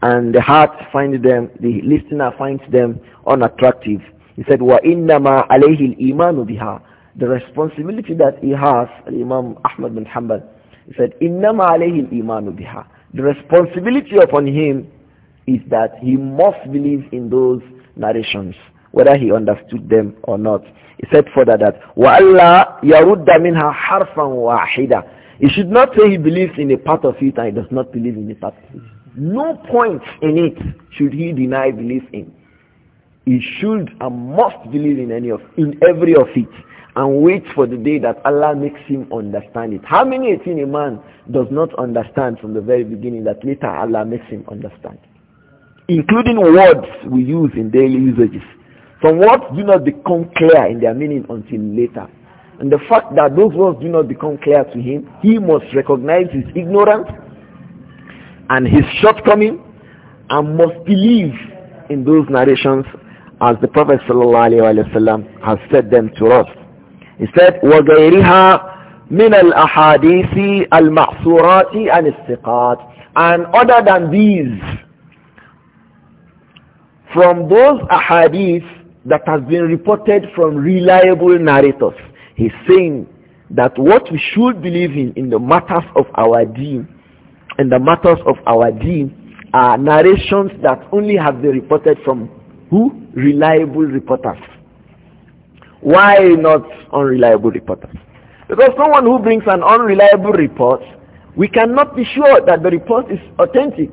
and the heart finds them, the listener finds them unattractive. He said, وَإِنَّمَا عَلَيْهِ الْإِيمَانُ بِهَا The responsibility that he has, Imam Ahmad bin Hanbal, he said, إِنَّمَا عَلَيْهِ الْإِيمَانُ بِهَا the responsibility upon him is that he must believe in those narrations, whether he understood them or not. He said further that, وَأَلَّا يَرُدَّ مِنْهَا حَرْفًا وَاحِدًا He should not say he believes in a part of it and he does not believe in a part of it. No point in it should he deny belief in. He should and must believe in any of, in every of it and wait for the day that Allah makes him understand it. How many a a man does not understand from the very beginning that later Allah makes him understand? Including words we use in daily usages. Some words do not become clear in their meaning until later. And the fact that those words do not become clear to him, he must recognize his ignorance and his shortcoming and must believe in those narrations as the Prophet ﷺ has said them to us. He said, وَغَيْرِهَا مِنَ الْأَحَادِيثِ الْمَعْصُورَاتِ عَنِ الثِّقَاتِ And other than these, from those ahadith that has been reported from reliable narrators, he's saying that what we should believe in in the matters of our deen, in the matters of our deen, are narrations that only have been reported from who? Reliable reporters. Why not unreliable reporters? Because someone who brings an unreliable report, we cannot be sure that the report is authentic.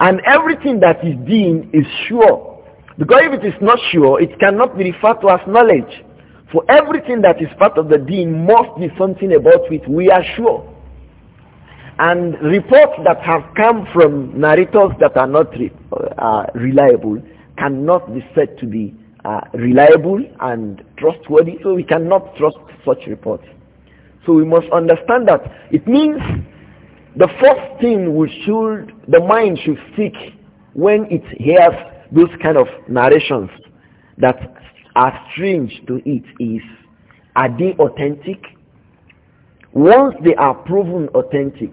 And everything that is deemed is sure. Because if it is not sure, it cannot be referred to as knowledge. For everything that is part of the deen must be something about which we are sure. And reports that have come from narrators that are not re uh, reliable cannot be said to be reliable and trustworthy, so we cannot trust such reports. So we must understand that it means the first thing we should, the mind should seek when it hears those kind of narrations that are strange to it is, are they authentic? Once they are proven authentic,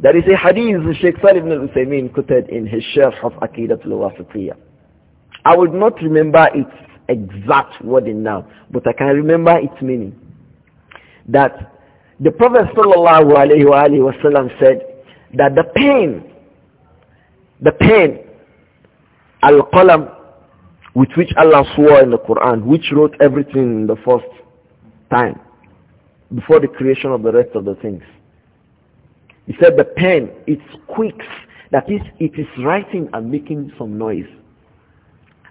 there is a hadith Sheikh Salih ibn al quoted in his Sharh of Aqidat al-Wasitiyah I would not remember its exact wording now, but I can remember its meaning. That the Prophet sallallahu alayhi wa said that the pen, the pen, al-qalam, with which Allah swore in the Quran, which wrote everything in the first time, before the creation of the rest of the things. He said the pen, it squeaks, that is, it is writing and making some noise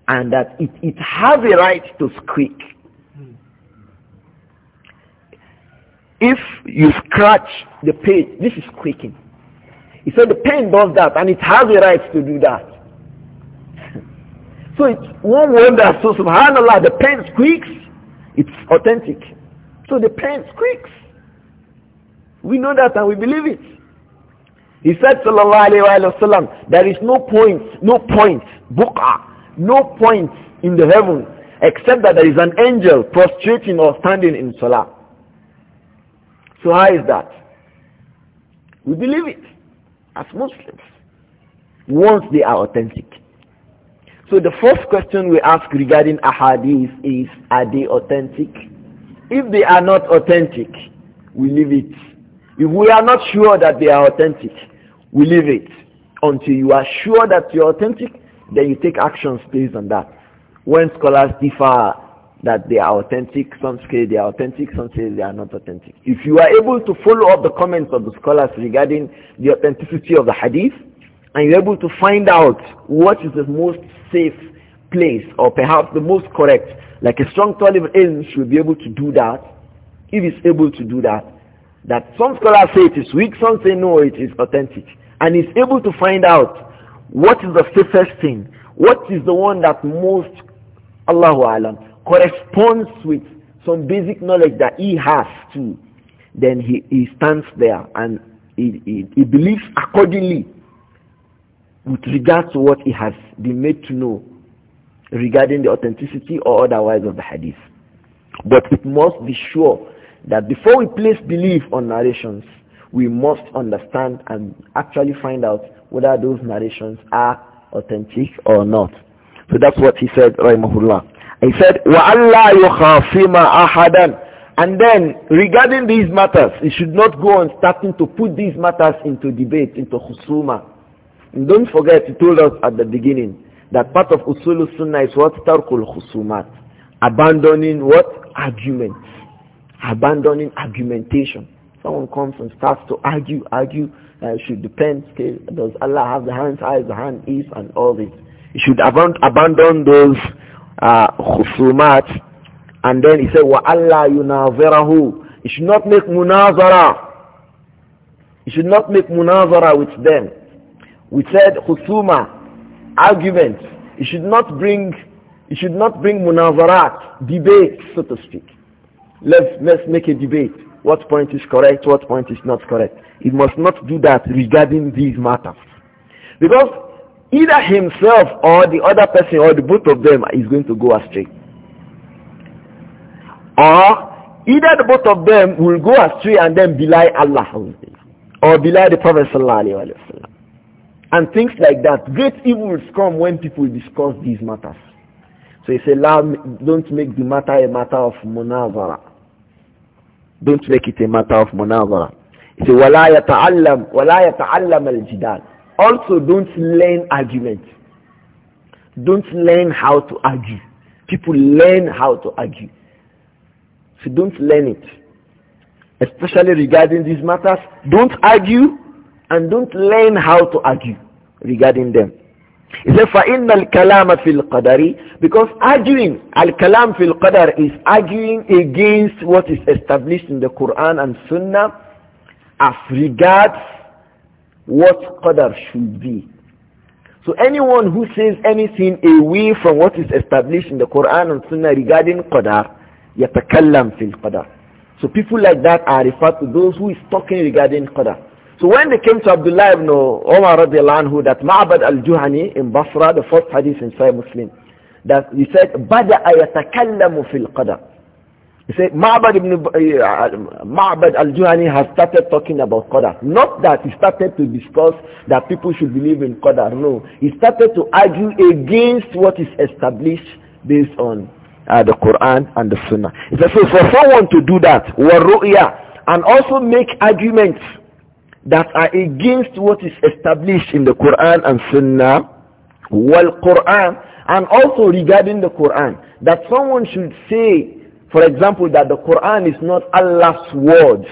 and that it, it has a right to squeak. If you scratch the page, this is squeaking. He said the pen does that and it has a right to do that. [laughs] so it's one wonder, so subhanAllah, the pen squeaks. It's authentic. So the pen squeaks. We know that and we believe it. He said, sallallahu alaihi wasallam. there is no point, no point, buq'ah, no point in the heaven except that there is an angel prostrating or standing in salah. So how is that? We believe it as Muslims once they are authentic. So the first question we ask regarding ahadith is, are they authentic? If they are not authentic, we leave it. If we are not sure that they are authentic, we leave it until you are sure that you're authentic then you take actions based on that. When scholars differ that they are authentic, some say they are authentic, some say they are not authentic. If you are able to follow up the comments of the scholars regarding the authenticity of the hadith, and you're able to find out what is the most safe place or perhaps the most correct, like a strong Taliban ilm should be able to do that, if it's able to do that, that some scholars say it is weak, some say no, it is authentic, and it's able to find out what is the safest thing? What is the one that most, Allahu Alam, corresponds with some basic knowledge that he has too? Then he, he stands there and he, he, he believes accordingly with regard to what he has been made to know regarding the authenticity or otherwise of the hadith. But it must be sure that before we place belief on narrations, we must understand and actually find out whether those narrations are authentic or not. So that's what he said, Rahimahullah. He said, وَأَلَّا يُخَافِمَ أَحَدًا And then, regarding these matters, you should not go on starting to put these matters into debate, into khusuma. And don't forget, he told us at the beginning that part of usulul sunnah is what? Tarkul khusumat. Abandoning what? Argument. Abandoning argumentation. Someone comes and starts to argue, argue, uh, should depend. does Allah have the hands, eyes, the hand, ears, and all this. He should ab abandon those uh, And then he said, وَأَلَّا يُنَاظِرَهُ You should not make munazara. You should not make munazara with them. We said khusuma, argument. You should not bring, you should not bring munazarat, debate, so to speak. Let's, let's make a debate what point is correct, what point is not correct. It must not do that regarding these matters. Because either himself or the other person or the both of them is going to go astray. Or either the both of them will go astray and then belie Allah or belie the Prophet sallallahu and things like that. Great evils come when people discuss these matters. So he said, don't make the matter a matter of munazara don't make it a matter of munazara. He said, وَلَا يَتَعَلَّمْ وَلَا يَتَعَلَّمَ Also, don't learn argument. Don't learn how to argue. People learn how to argue. So don't learn it. Especially regarding these matters, don't argue and don't learn how to argue regarding them. He said, فَإِنَّ الْكَلَامَ فِي الْقَدَرِ Because arguing, al-kalam fil qadar is arguing against what is established in the Quran and Sunnah as regards what qadar should be. So anyone who says anything away from what is established in the Quran and Sunnah regarding qadar, يَتَكَلَّمْ fil qadar. So people like that are referred to those who is talking regarding qadar. So when they came to Abdullah ibn Umar radiallahu anhu that Ma'bad al-Juhani in Basra, the first hadith in Sahih Muslim, that he said, بَدَأَ يَتَكَلَّمُ فِي الْقَدَرِ He said, Ma'bad, ibn, uh, Ma'bad al-Juhani has started talking about Qada." Not that he started to discuss that people should believe in Qadar, no. He started to argue against what is established based on uh, the Quran and the Sunnah. He said, so for someone to do that, وَالرُؤْيَا And also make arguments that are against what is established in the Quran and Sunnah, well Quran, and also regarding the Quran, that someone should say, for example, that the Quran is not Allah's words,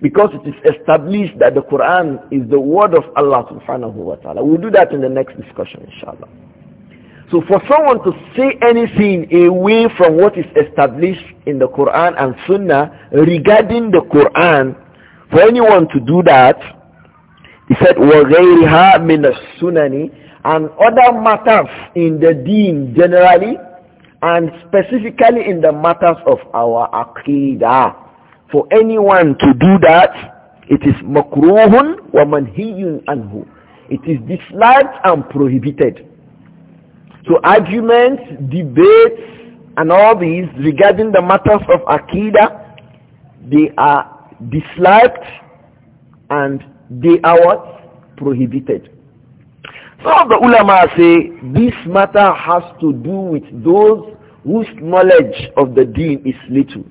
because it is established that the Quran is the word of Allah subhanahu wa ta'ala. We'll do that in the next discussion, inshallah. So for someone to say anything away from what is established in the Quran and Sunnah regarding the Quran for anyone to do that, he said, وَغَيْرِهَا مِنَ السُّنَنِ And other matters in the deen generally, and specifically in the matters of our aqidah. For anyone to do that, it is makruhun wa manhiyun anhu. It is disliked and prohibited. So arguments, debates, and all these regarding the matters of aqidah, they are disliked and they are what? Prohibited. Some of the ulama say this matter has to do with those whose knowledge of the deen is little.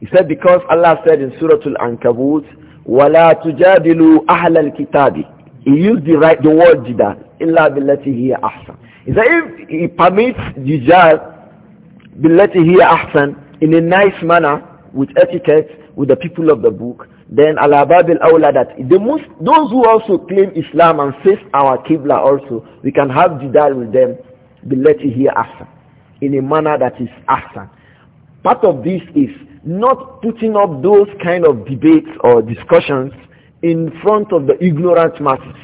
He said because Allah said in Surah Al-Ankabut, وَلَا تُجَادِلُوا أَهْلَ الْكِتَابِ He used the, right, the word jidal, إِلَّا بِالَّتِي هِيَ أَحْسَنُ He said if he permits jidal, بِالَّتِي هِيَ أَحْسَنُ in a nice manner, with etiquette, with the people of the book, then Allah abab al-Awla that the most, those who also claim Islam and face our Qibla also, we can have jidal with them, be let you hear Ahsan, in a manner that is Ahsan. Part of this is not putting up those kind of debates or discussions in front of the ignorant masses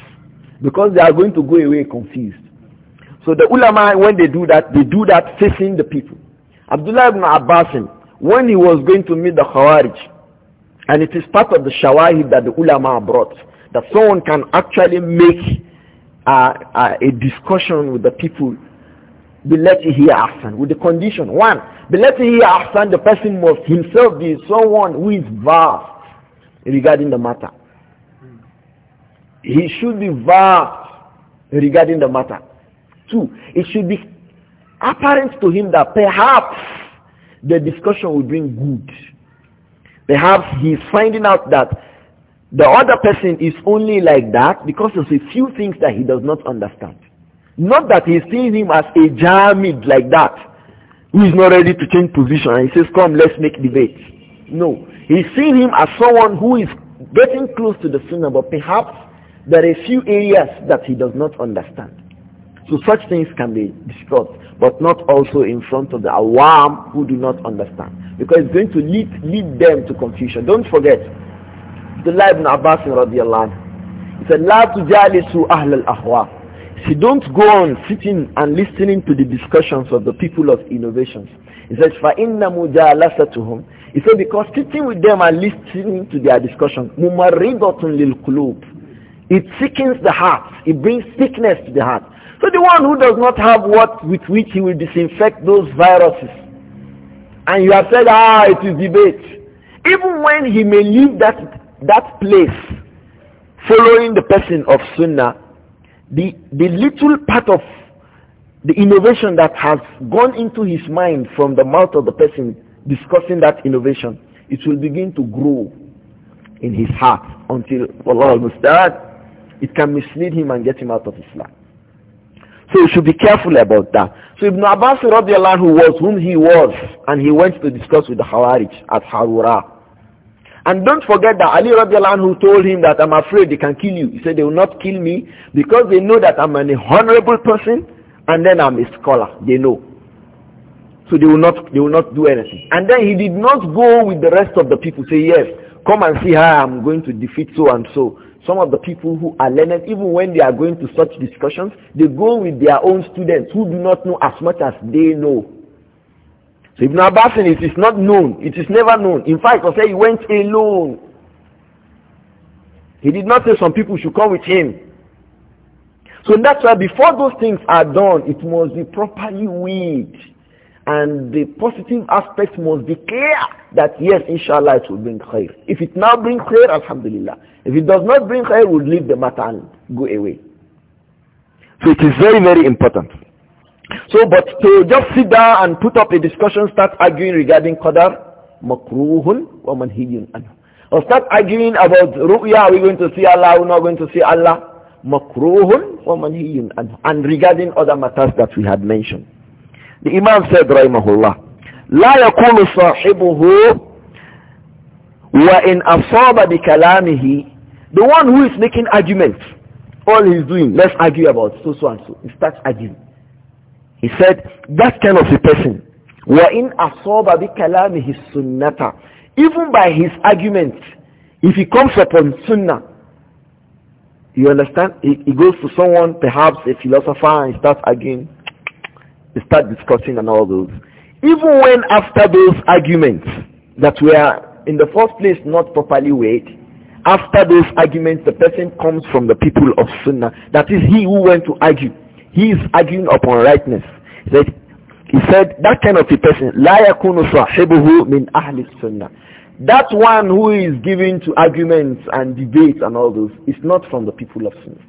because they are going to go away confused. So the ulama, when they do that, they do that facing the people. Abdullah ibn Abbas, when he was going to meet the Khawarij, and it is part of the shawahid that the ulama brought, that someone can actually make uh, uh, a discussion with the people let hear ahsan with the condition one let hear ahsan the person must himself be someone who is vast regarding the matter he should be vast regarding the matter two it should be apparent to him that perhaps the discussion will bring good Perhaps he's finding out that the other person is only like that because of a few things that he does not understand. Not that he's seeing him as a jamid like that, who is not ready to change position and he says, come, let's make debate. No. He's seeing him as someone who is getting close to the sunnah, but perhaps there are a few areas that he does not understand. So such things can be discussed, but not also in front of the awam who do not understand. Because it's going to lead, lead them to confusion. Don't forget, the life in Abbas radiallahu anhu. He said, La tujalisu ahl al-ahwa. So don't go on sitting and listening to the discussions of the people of innovations. He says, فَإِنَّ مُجَالَسَتُهُمْ He said, because sitting with them and listening to their discussion, مُمَرِّضَةٌ لِلْقُلُوبِ It sickens the heart. It brings sickness to the heart. So the one who does not have what with which he will disinfect those viruses, and you have said, ah, it is debate. Even when he may leave that, that place, following the person of Sunnah, the, the little part of the innovation that has gone into his mind from the mouth of the person discussing that innovation, it will begin to grow in his heart until, Allah al it can mislead him and get him out of Islam. So you should be careful about that. So Ibn Abbas who was whom he was, and he went to discuss with the Khawarij at Harura. And don't forget that Ali who told him that I'm afraid they can kill you. He said they will not kill me because they know that I'm an honorable person and then I'm a scholar. They know. So they will not they will not do anything. And then he did not go with the rest of the people, say, Yes, come and see how I'm going to defeat so and so. Some of the people who are learned, even when they are going to such discussions, they go with their own students who do not know as much as they know. So Ibn Abbas it is not known. It is never known. In fact, I say he went alone. He did not say some people should come with him. So that's why before those things are done, it must be properly weighed and the positive aspect must be clear that yes, inshallah, it will bring khair. If it now brings khair, alhamdulillah. If it does not bring khair, we'll leave the matter and go away. So it is very, very important. So, but to just sit down and put up a discussion, start arguing regarding qadar, makruhun wa manhiyun anhu. Or start arguing about ru'ya, are we going to see Allah, are we not going to see Allah? Makruhun wa manhiyun anhu. And regarding other matters that we had mentioned. The Imam said, Rahimahullah, لا يكون صاحبه وإن أصاب بكلامه The one who is making arguments, all he's doing, let's argue about so, so and so. He starts arguing. He said, that kind of a person, وَإِنْ أَصَابَ بِكَلَامِهِ السُنَّةَ Even by his arguments, if he comes upon sunnah, you understand? He, he goes to someone, perhaps a philosopher, and starts arguing they start discussing and all those. Even when after those arguments that were in the first place not properly weighed, after those arguments the person comes from the people of Sunnah. That is he who went to argue. He is arguing upon rightness. He said, he said that kind of a person, لا يكون صاحبه من أهل السنة. That one who is given to arguments and debates and all those is not from the people of Sunnah.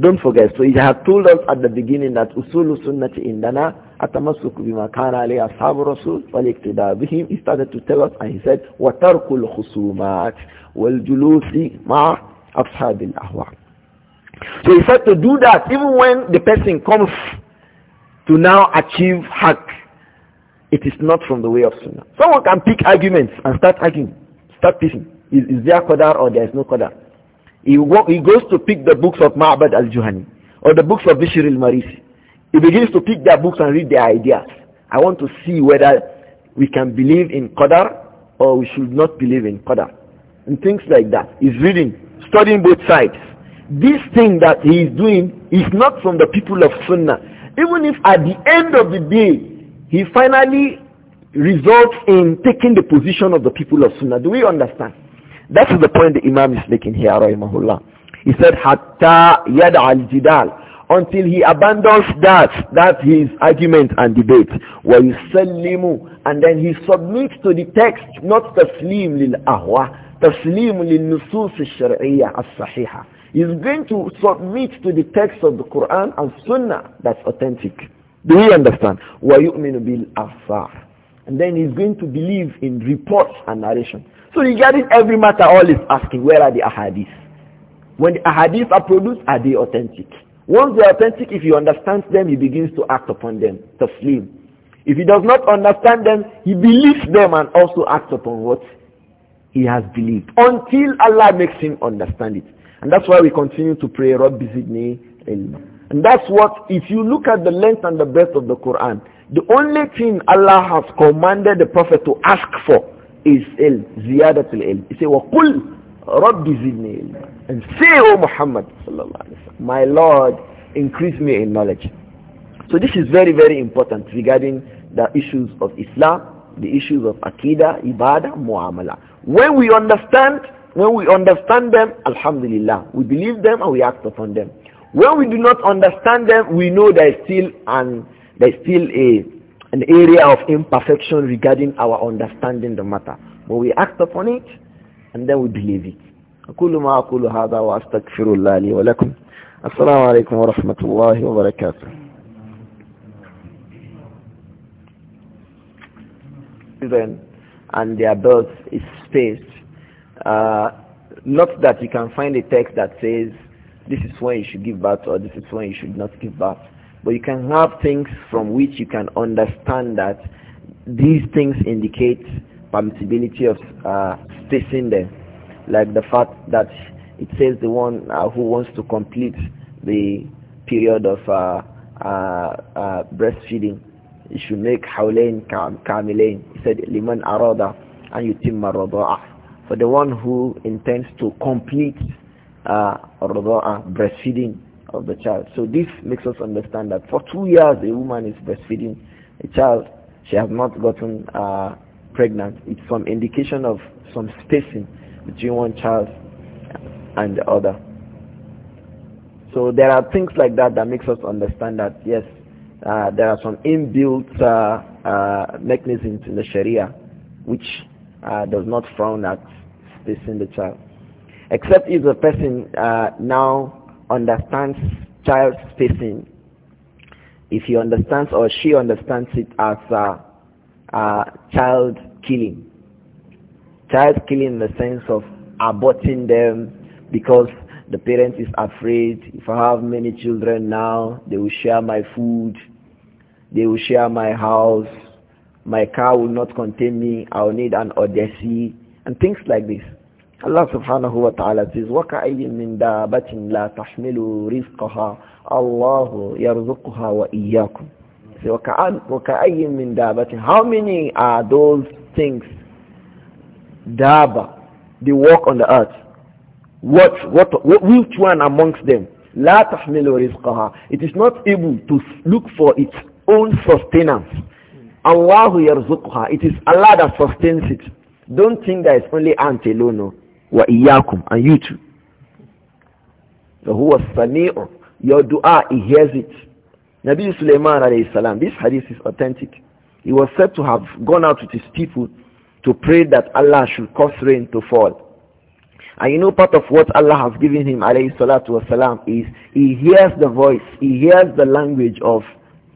Don't forget. So he had told us at the beginning that usulu sunnati indana atamasuk bima kana ali ashabu rasul wal iqtida He started to tell us and he said wa tarkul khusumat wal julusi ma ashabil ahwa. So he said to do that even when the person comes to now achieve haq. It is not from the way of sunnah. Someone can pick arguments and start arguing, start teaching. Is, is there qadar or there is no qadar? He, he goes to pick the books of Ma'bad al-Juhani or the books of Bishr al-Marisi. He begins to pick their books and read their ideas. I want to see whether we can believe in Qadar or we should not believe in Qadar. And things like that. He's reading, studying both sides. This thing that he is doing is not from the people of Sunnah. Even if at the end of the day, he finally results in taking the position of the people of Sunnah. Do we understand? That is the point the Imam is making here, rahimahullah. He said, hatta yad al-jidal, until he abandons that, that his argument and debate. وَيُسَلِّمُ And then he submits to the text, not taslim lil nusus للنصوص as الصحيحة. He's going to submit to the text of the Quran and Sunnah that's authentic. Do we understand? bil بِالْأَثَارِ And then he's going to believe in reports and narration. So regarding every matter, all is asking, where are the ahadith? When the ahadith are produced, are they authentic? Once they are authentic, if you understand them, he begins to act upon them, taslim. If he does not understand them, he believes them and also acts upon what he has believed until Allah makes him understand it. And that's why we continue to pray, Rabbi Zidni ilma. And that's what, if you look at the length and the breadth of the Quran, the only thing Allah has commanded the Prophet to ask for is ill ziyadatul ill He said, وَقُلْ رَبِّ زِدْنِي ilm. And say, O Muhammad, my Lord, increase me in knowledge. So this is very, very important regarding the issues of Islam, the issues of Aqidah, Ibadah, Muamala. When we understand, when we understand them, Alhamdulillah, we believe them and we act upon them. When we do not understand them, we know there is still an, there is still a an area of imperfection regarding our understanding the matter. But we act upon it and then we believe it. أقول ما أقول هذا وأستغفر الله لي ولكم السلام عليكم ورحمة الله وبركاته and their birth is spaced uh, not that you can find a text that says this is when you should give birth or this is when you should not give birth but you can have things from which you can understand that these things indicate permissibility of uh, stating them. Like the fact that it says the one uh, who wants to complete the period of uh, uh, uh breastfeeding, you should make hawlain kamilain. He said, liman arada and take rada'ah. For the one who intends to complete uh, rada'ah, breastfeeding, of the child. So this makes us understand that for two years a woman is breastfeeding a child. She has not gotten uh, pregnant. It's some indication of some spacing between one child and the other. So there are things like that that makes us understand that yes, uh, there are some inbuilt uh, uh mechanisms in the Sharia which uh, does not frown at spacing the child. Except if the person uh, now understands child spacing, if he understands or she understands it as child killing, child killing in the sense of aborting them because the parent is afraid if I have many children now, they will share my food, they will share my house, my car will not contain me, I will need an odyssey, and things like this. Allah subhanahu wa ta'ala says, وَكَأَيٍّ مِّن دَابَةٍ لَا تَحْمِلُ رِزْقَهَا اللَّهُ يَرْزُقُهَا وَإِيَّاكُمْ so, وَكَأَيٍّ مِّن دَابَةٍ How many are those things? Daba, they walk on the earth. What, what, what which one amongst them? لَا تَحْمِلُ رِزْقَهَا It is not able to look for its own sustenance. Allahu yarzuqha. It is Allah that sustains it. Don't think that it's only ant alone. No. Wa iyakum and you too. So who was Sami'u? Your dua, he hears it. Nabi Sulaiman alayhi salam, this hadith is authentic. He was said to have gone out with his people to pray that Allah should cause rain to fall. And you know part of what Allah has given him alayhi salatu wasalam is he hears the voice, he hears the language of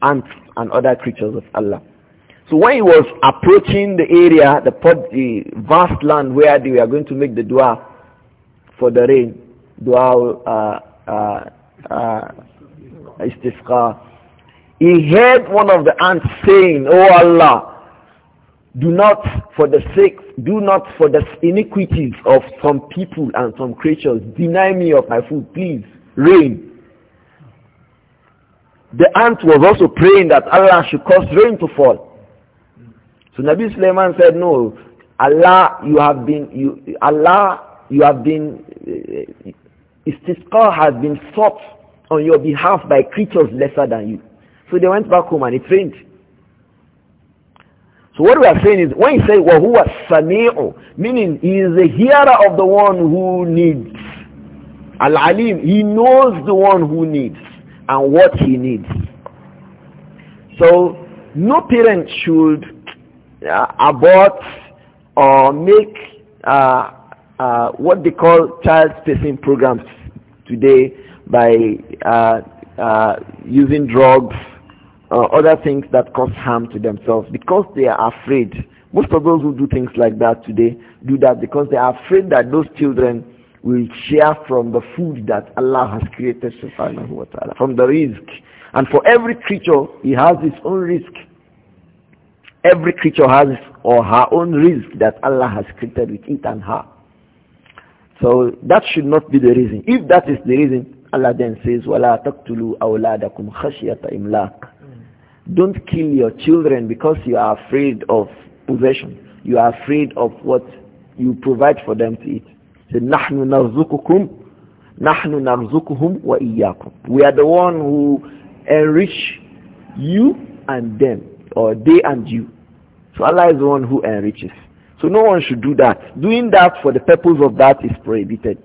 ants and other creatures of Allah. So when he was approaching the area, the, pot, the vast land where they were going to make the dua for the rain, dua uh, uh, uh, istifqa, he heard one of the ants saying, Oh Allah, do not for the sake, do not for the iniquities of some people and some creatures, deny me of my food, please, rain. The ant was also praying that Allah should cause rain to fall. So Nabi Sulaiman said, no, Allah, you have been, you, Allah, you have been, uh, istisqa has been sought on your behalf by creatures lesser than you. So they went back home and it rained. So what we are saying is, when he said, say, وَهُوَ السَّمِيعُ Meaning, he is the hearer of the one who needs. Al-Alim, he knows the one who needs and what he needs. So, no parent should yeah, uh, abort or make uh, uh, what they call child spacing programs today by uh, uh, using drugs or other things that cause harm to themselves because they are afraid. Most of those who do things like that today do that because they are afraid that those children will share from the food that Allah has created subhanahu wa ta'ala, from the risk. And for every creature, he has his own risk. Every creature has or her own risk that Allah has created with it and her. So that should not be the reason. If that is the reason, Allah then says, وَلَا تَقْتُلُوا أَوْلَادَكُمْ خَشْيَةَ إِمْلَاقٍ Don't kill your children because you are afraid of possession. You are afraid of what you provide for them to eat. So, نَحْنُ نَرْزُقُكُمْ نَحْنُ نَرْزُقُهُمْ وَإِيَّاكُمْ We are the one who enrich you and them, or they and you. So Allah is the one who enriches. So no one should do that. Doing that for the purpose of that is prohibited.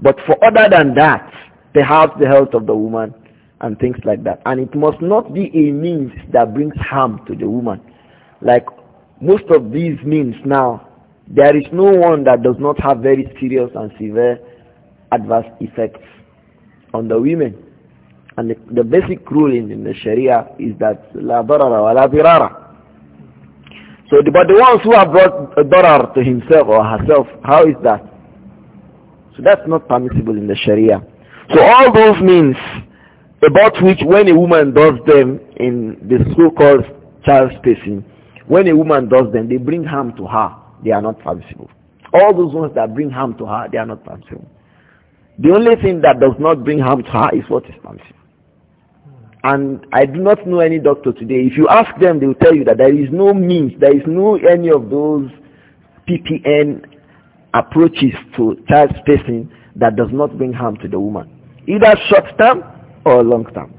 But for other than that, perhaps the health of the woman and things like that. And it must not be a means that brings harm to the woman. Like most of these means now, there is no one that does not have very serious and severe adverse effects on the women. And the, the basic ruling in the Sharia is that la darara wa la dirara. So, the, but the ones who have brought a daughter to himself or herself, how is that? So that's not permissible in the Sharia. So all those means about which when a woman does them in the so-called child spacing, when a woman does them, they bring harm to her. They are not permissible. All those ones that bring harm to her, they are not permissible. The only thing that does not bring harm to her is what is permissible. And I do not know any doctor today. If you ask them, they will tell you that there is no means, there is no any of those PPN approaches to child spacing that does not bring harm to the woman, either short term or long term.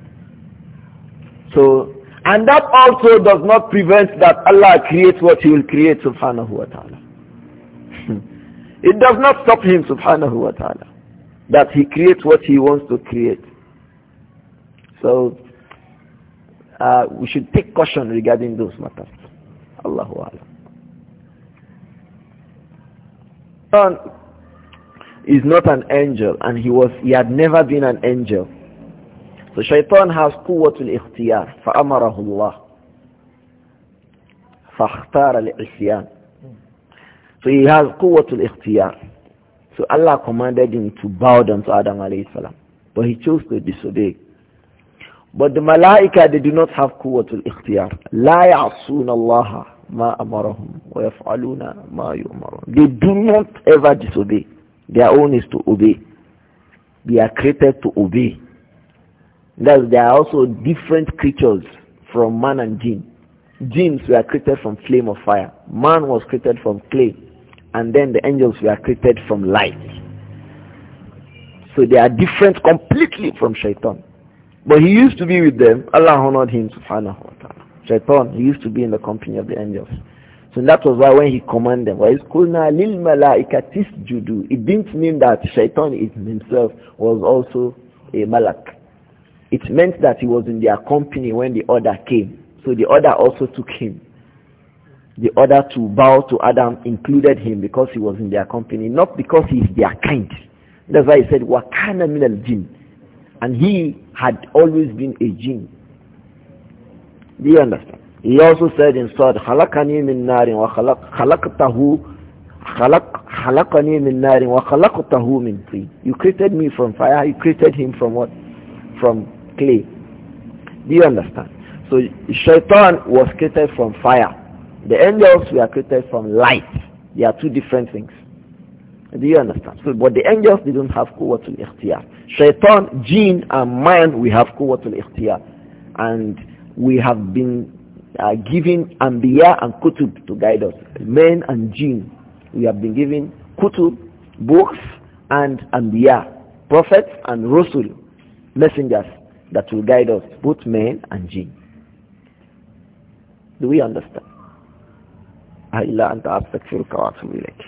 So, and that also does not prevent that Allah creates what He will create, subhanahu wa ta'ala. [laughs] it does not stop Him, subhanahu wa ta'ala, that He creates what He wants to create. So, uh, we should take caution regarding those matters. Allahu Alam. John is not an angel and he was he had never been an angel. So shaitan has quwwatul ikhtiyar فأمره الله فاختار العصيان. So he has kuwatul ikhtiyar. So Allah commanded him to bow down to Adam alayhi salam. But he chose to disobey. But the malaika, they do not have quwwatul ikhtiyar. La ya'asuna Allah ma amarahum wa yaf'aluna ma yu'marun. They do not ever disobey. Their own is to obey. They are created to obey. Thus, they are also different creatures from man and jinn. Jinns were created from flame of fire. Man was created from clay. And then the angels were created from light. So they are different completely from shaitan. But he used to be with them. Allah honored him, subhanahu wa ta'ala. Shaitan, he used to be in the company of the angels. So that was why when he commanded them, وَإِذْكُلْنَا لِلْمَلَائِكَةِ اسْجُدُوا It didn't mean that Shaitan himself was also a malak. It meant that he was in their company when the order came. So the order also took him. The order to bow to Adam included him because he was in their company, not because he is their kind. That's why he said, وَكَانَ مِنَ الْجِنِّ and he had always been a jinn. Do you understand? He also said in Sad, خَلَقَنِي مِن نَارٍ وَخَلَقْتَهُ خَلَقْ min مِن wa وَخَلَقْتَهُ min طِينٍ You created me from fire, you created him from what? From clay. Do you understand? So shaitan was created from fire. The angels were created from light. They are two different things. Do you understand? So, but the angels, they don't have quwwatul ikhtiyar. Shaitan, jinn, and man, we have quwwatul ikhtiyar. And we have been uh, given anbiya and kutub to guide us. Men and jinn. We have been given kutub, books, and anbiya. Prophets and rasul, messengers that will guide us, both men and jinn. Do we understand? أهلا أنت أستغفرك وأتوب إليك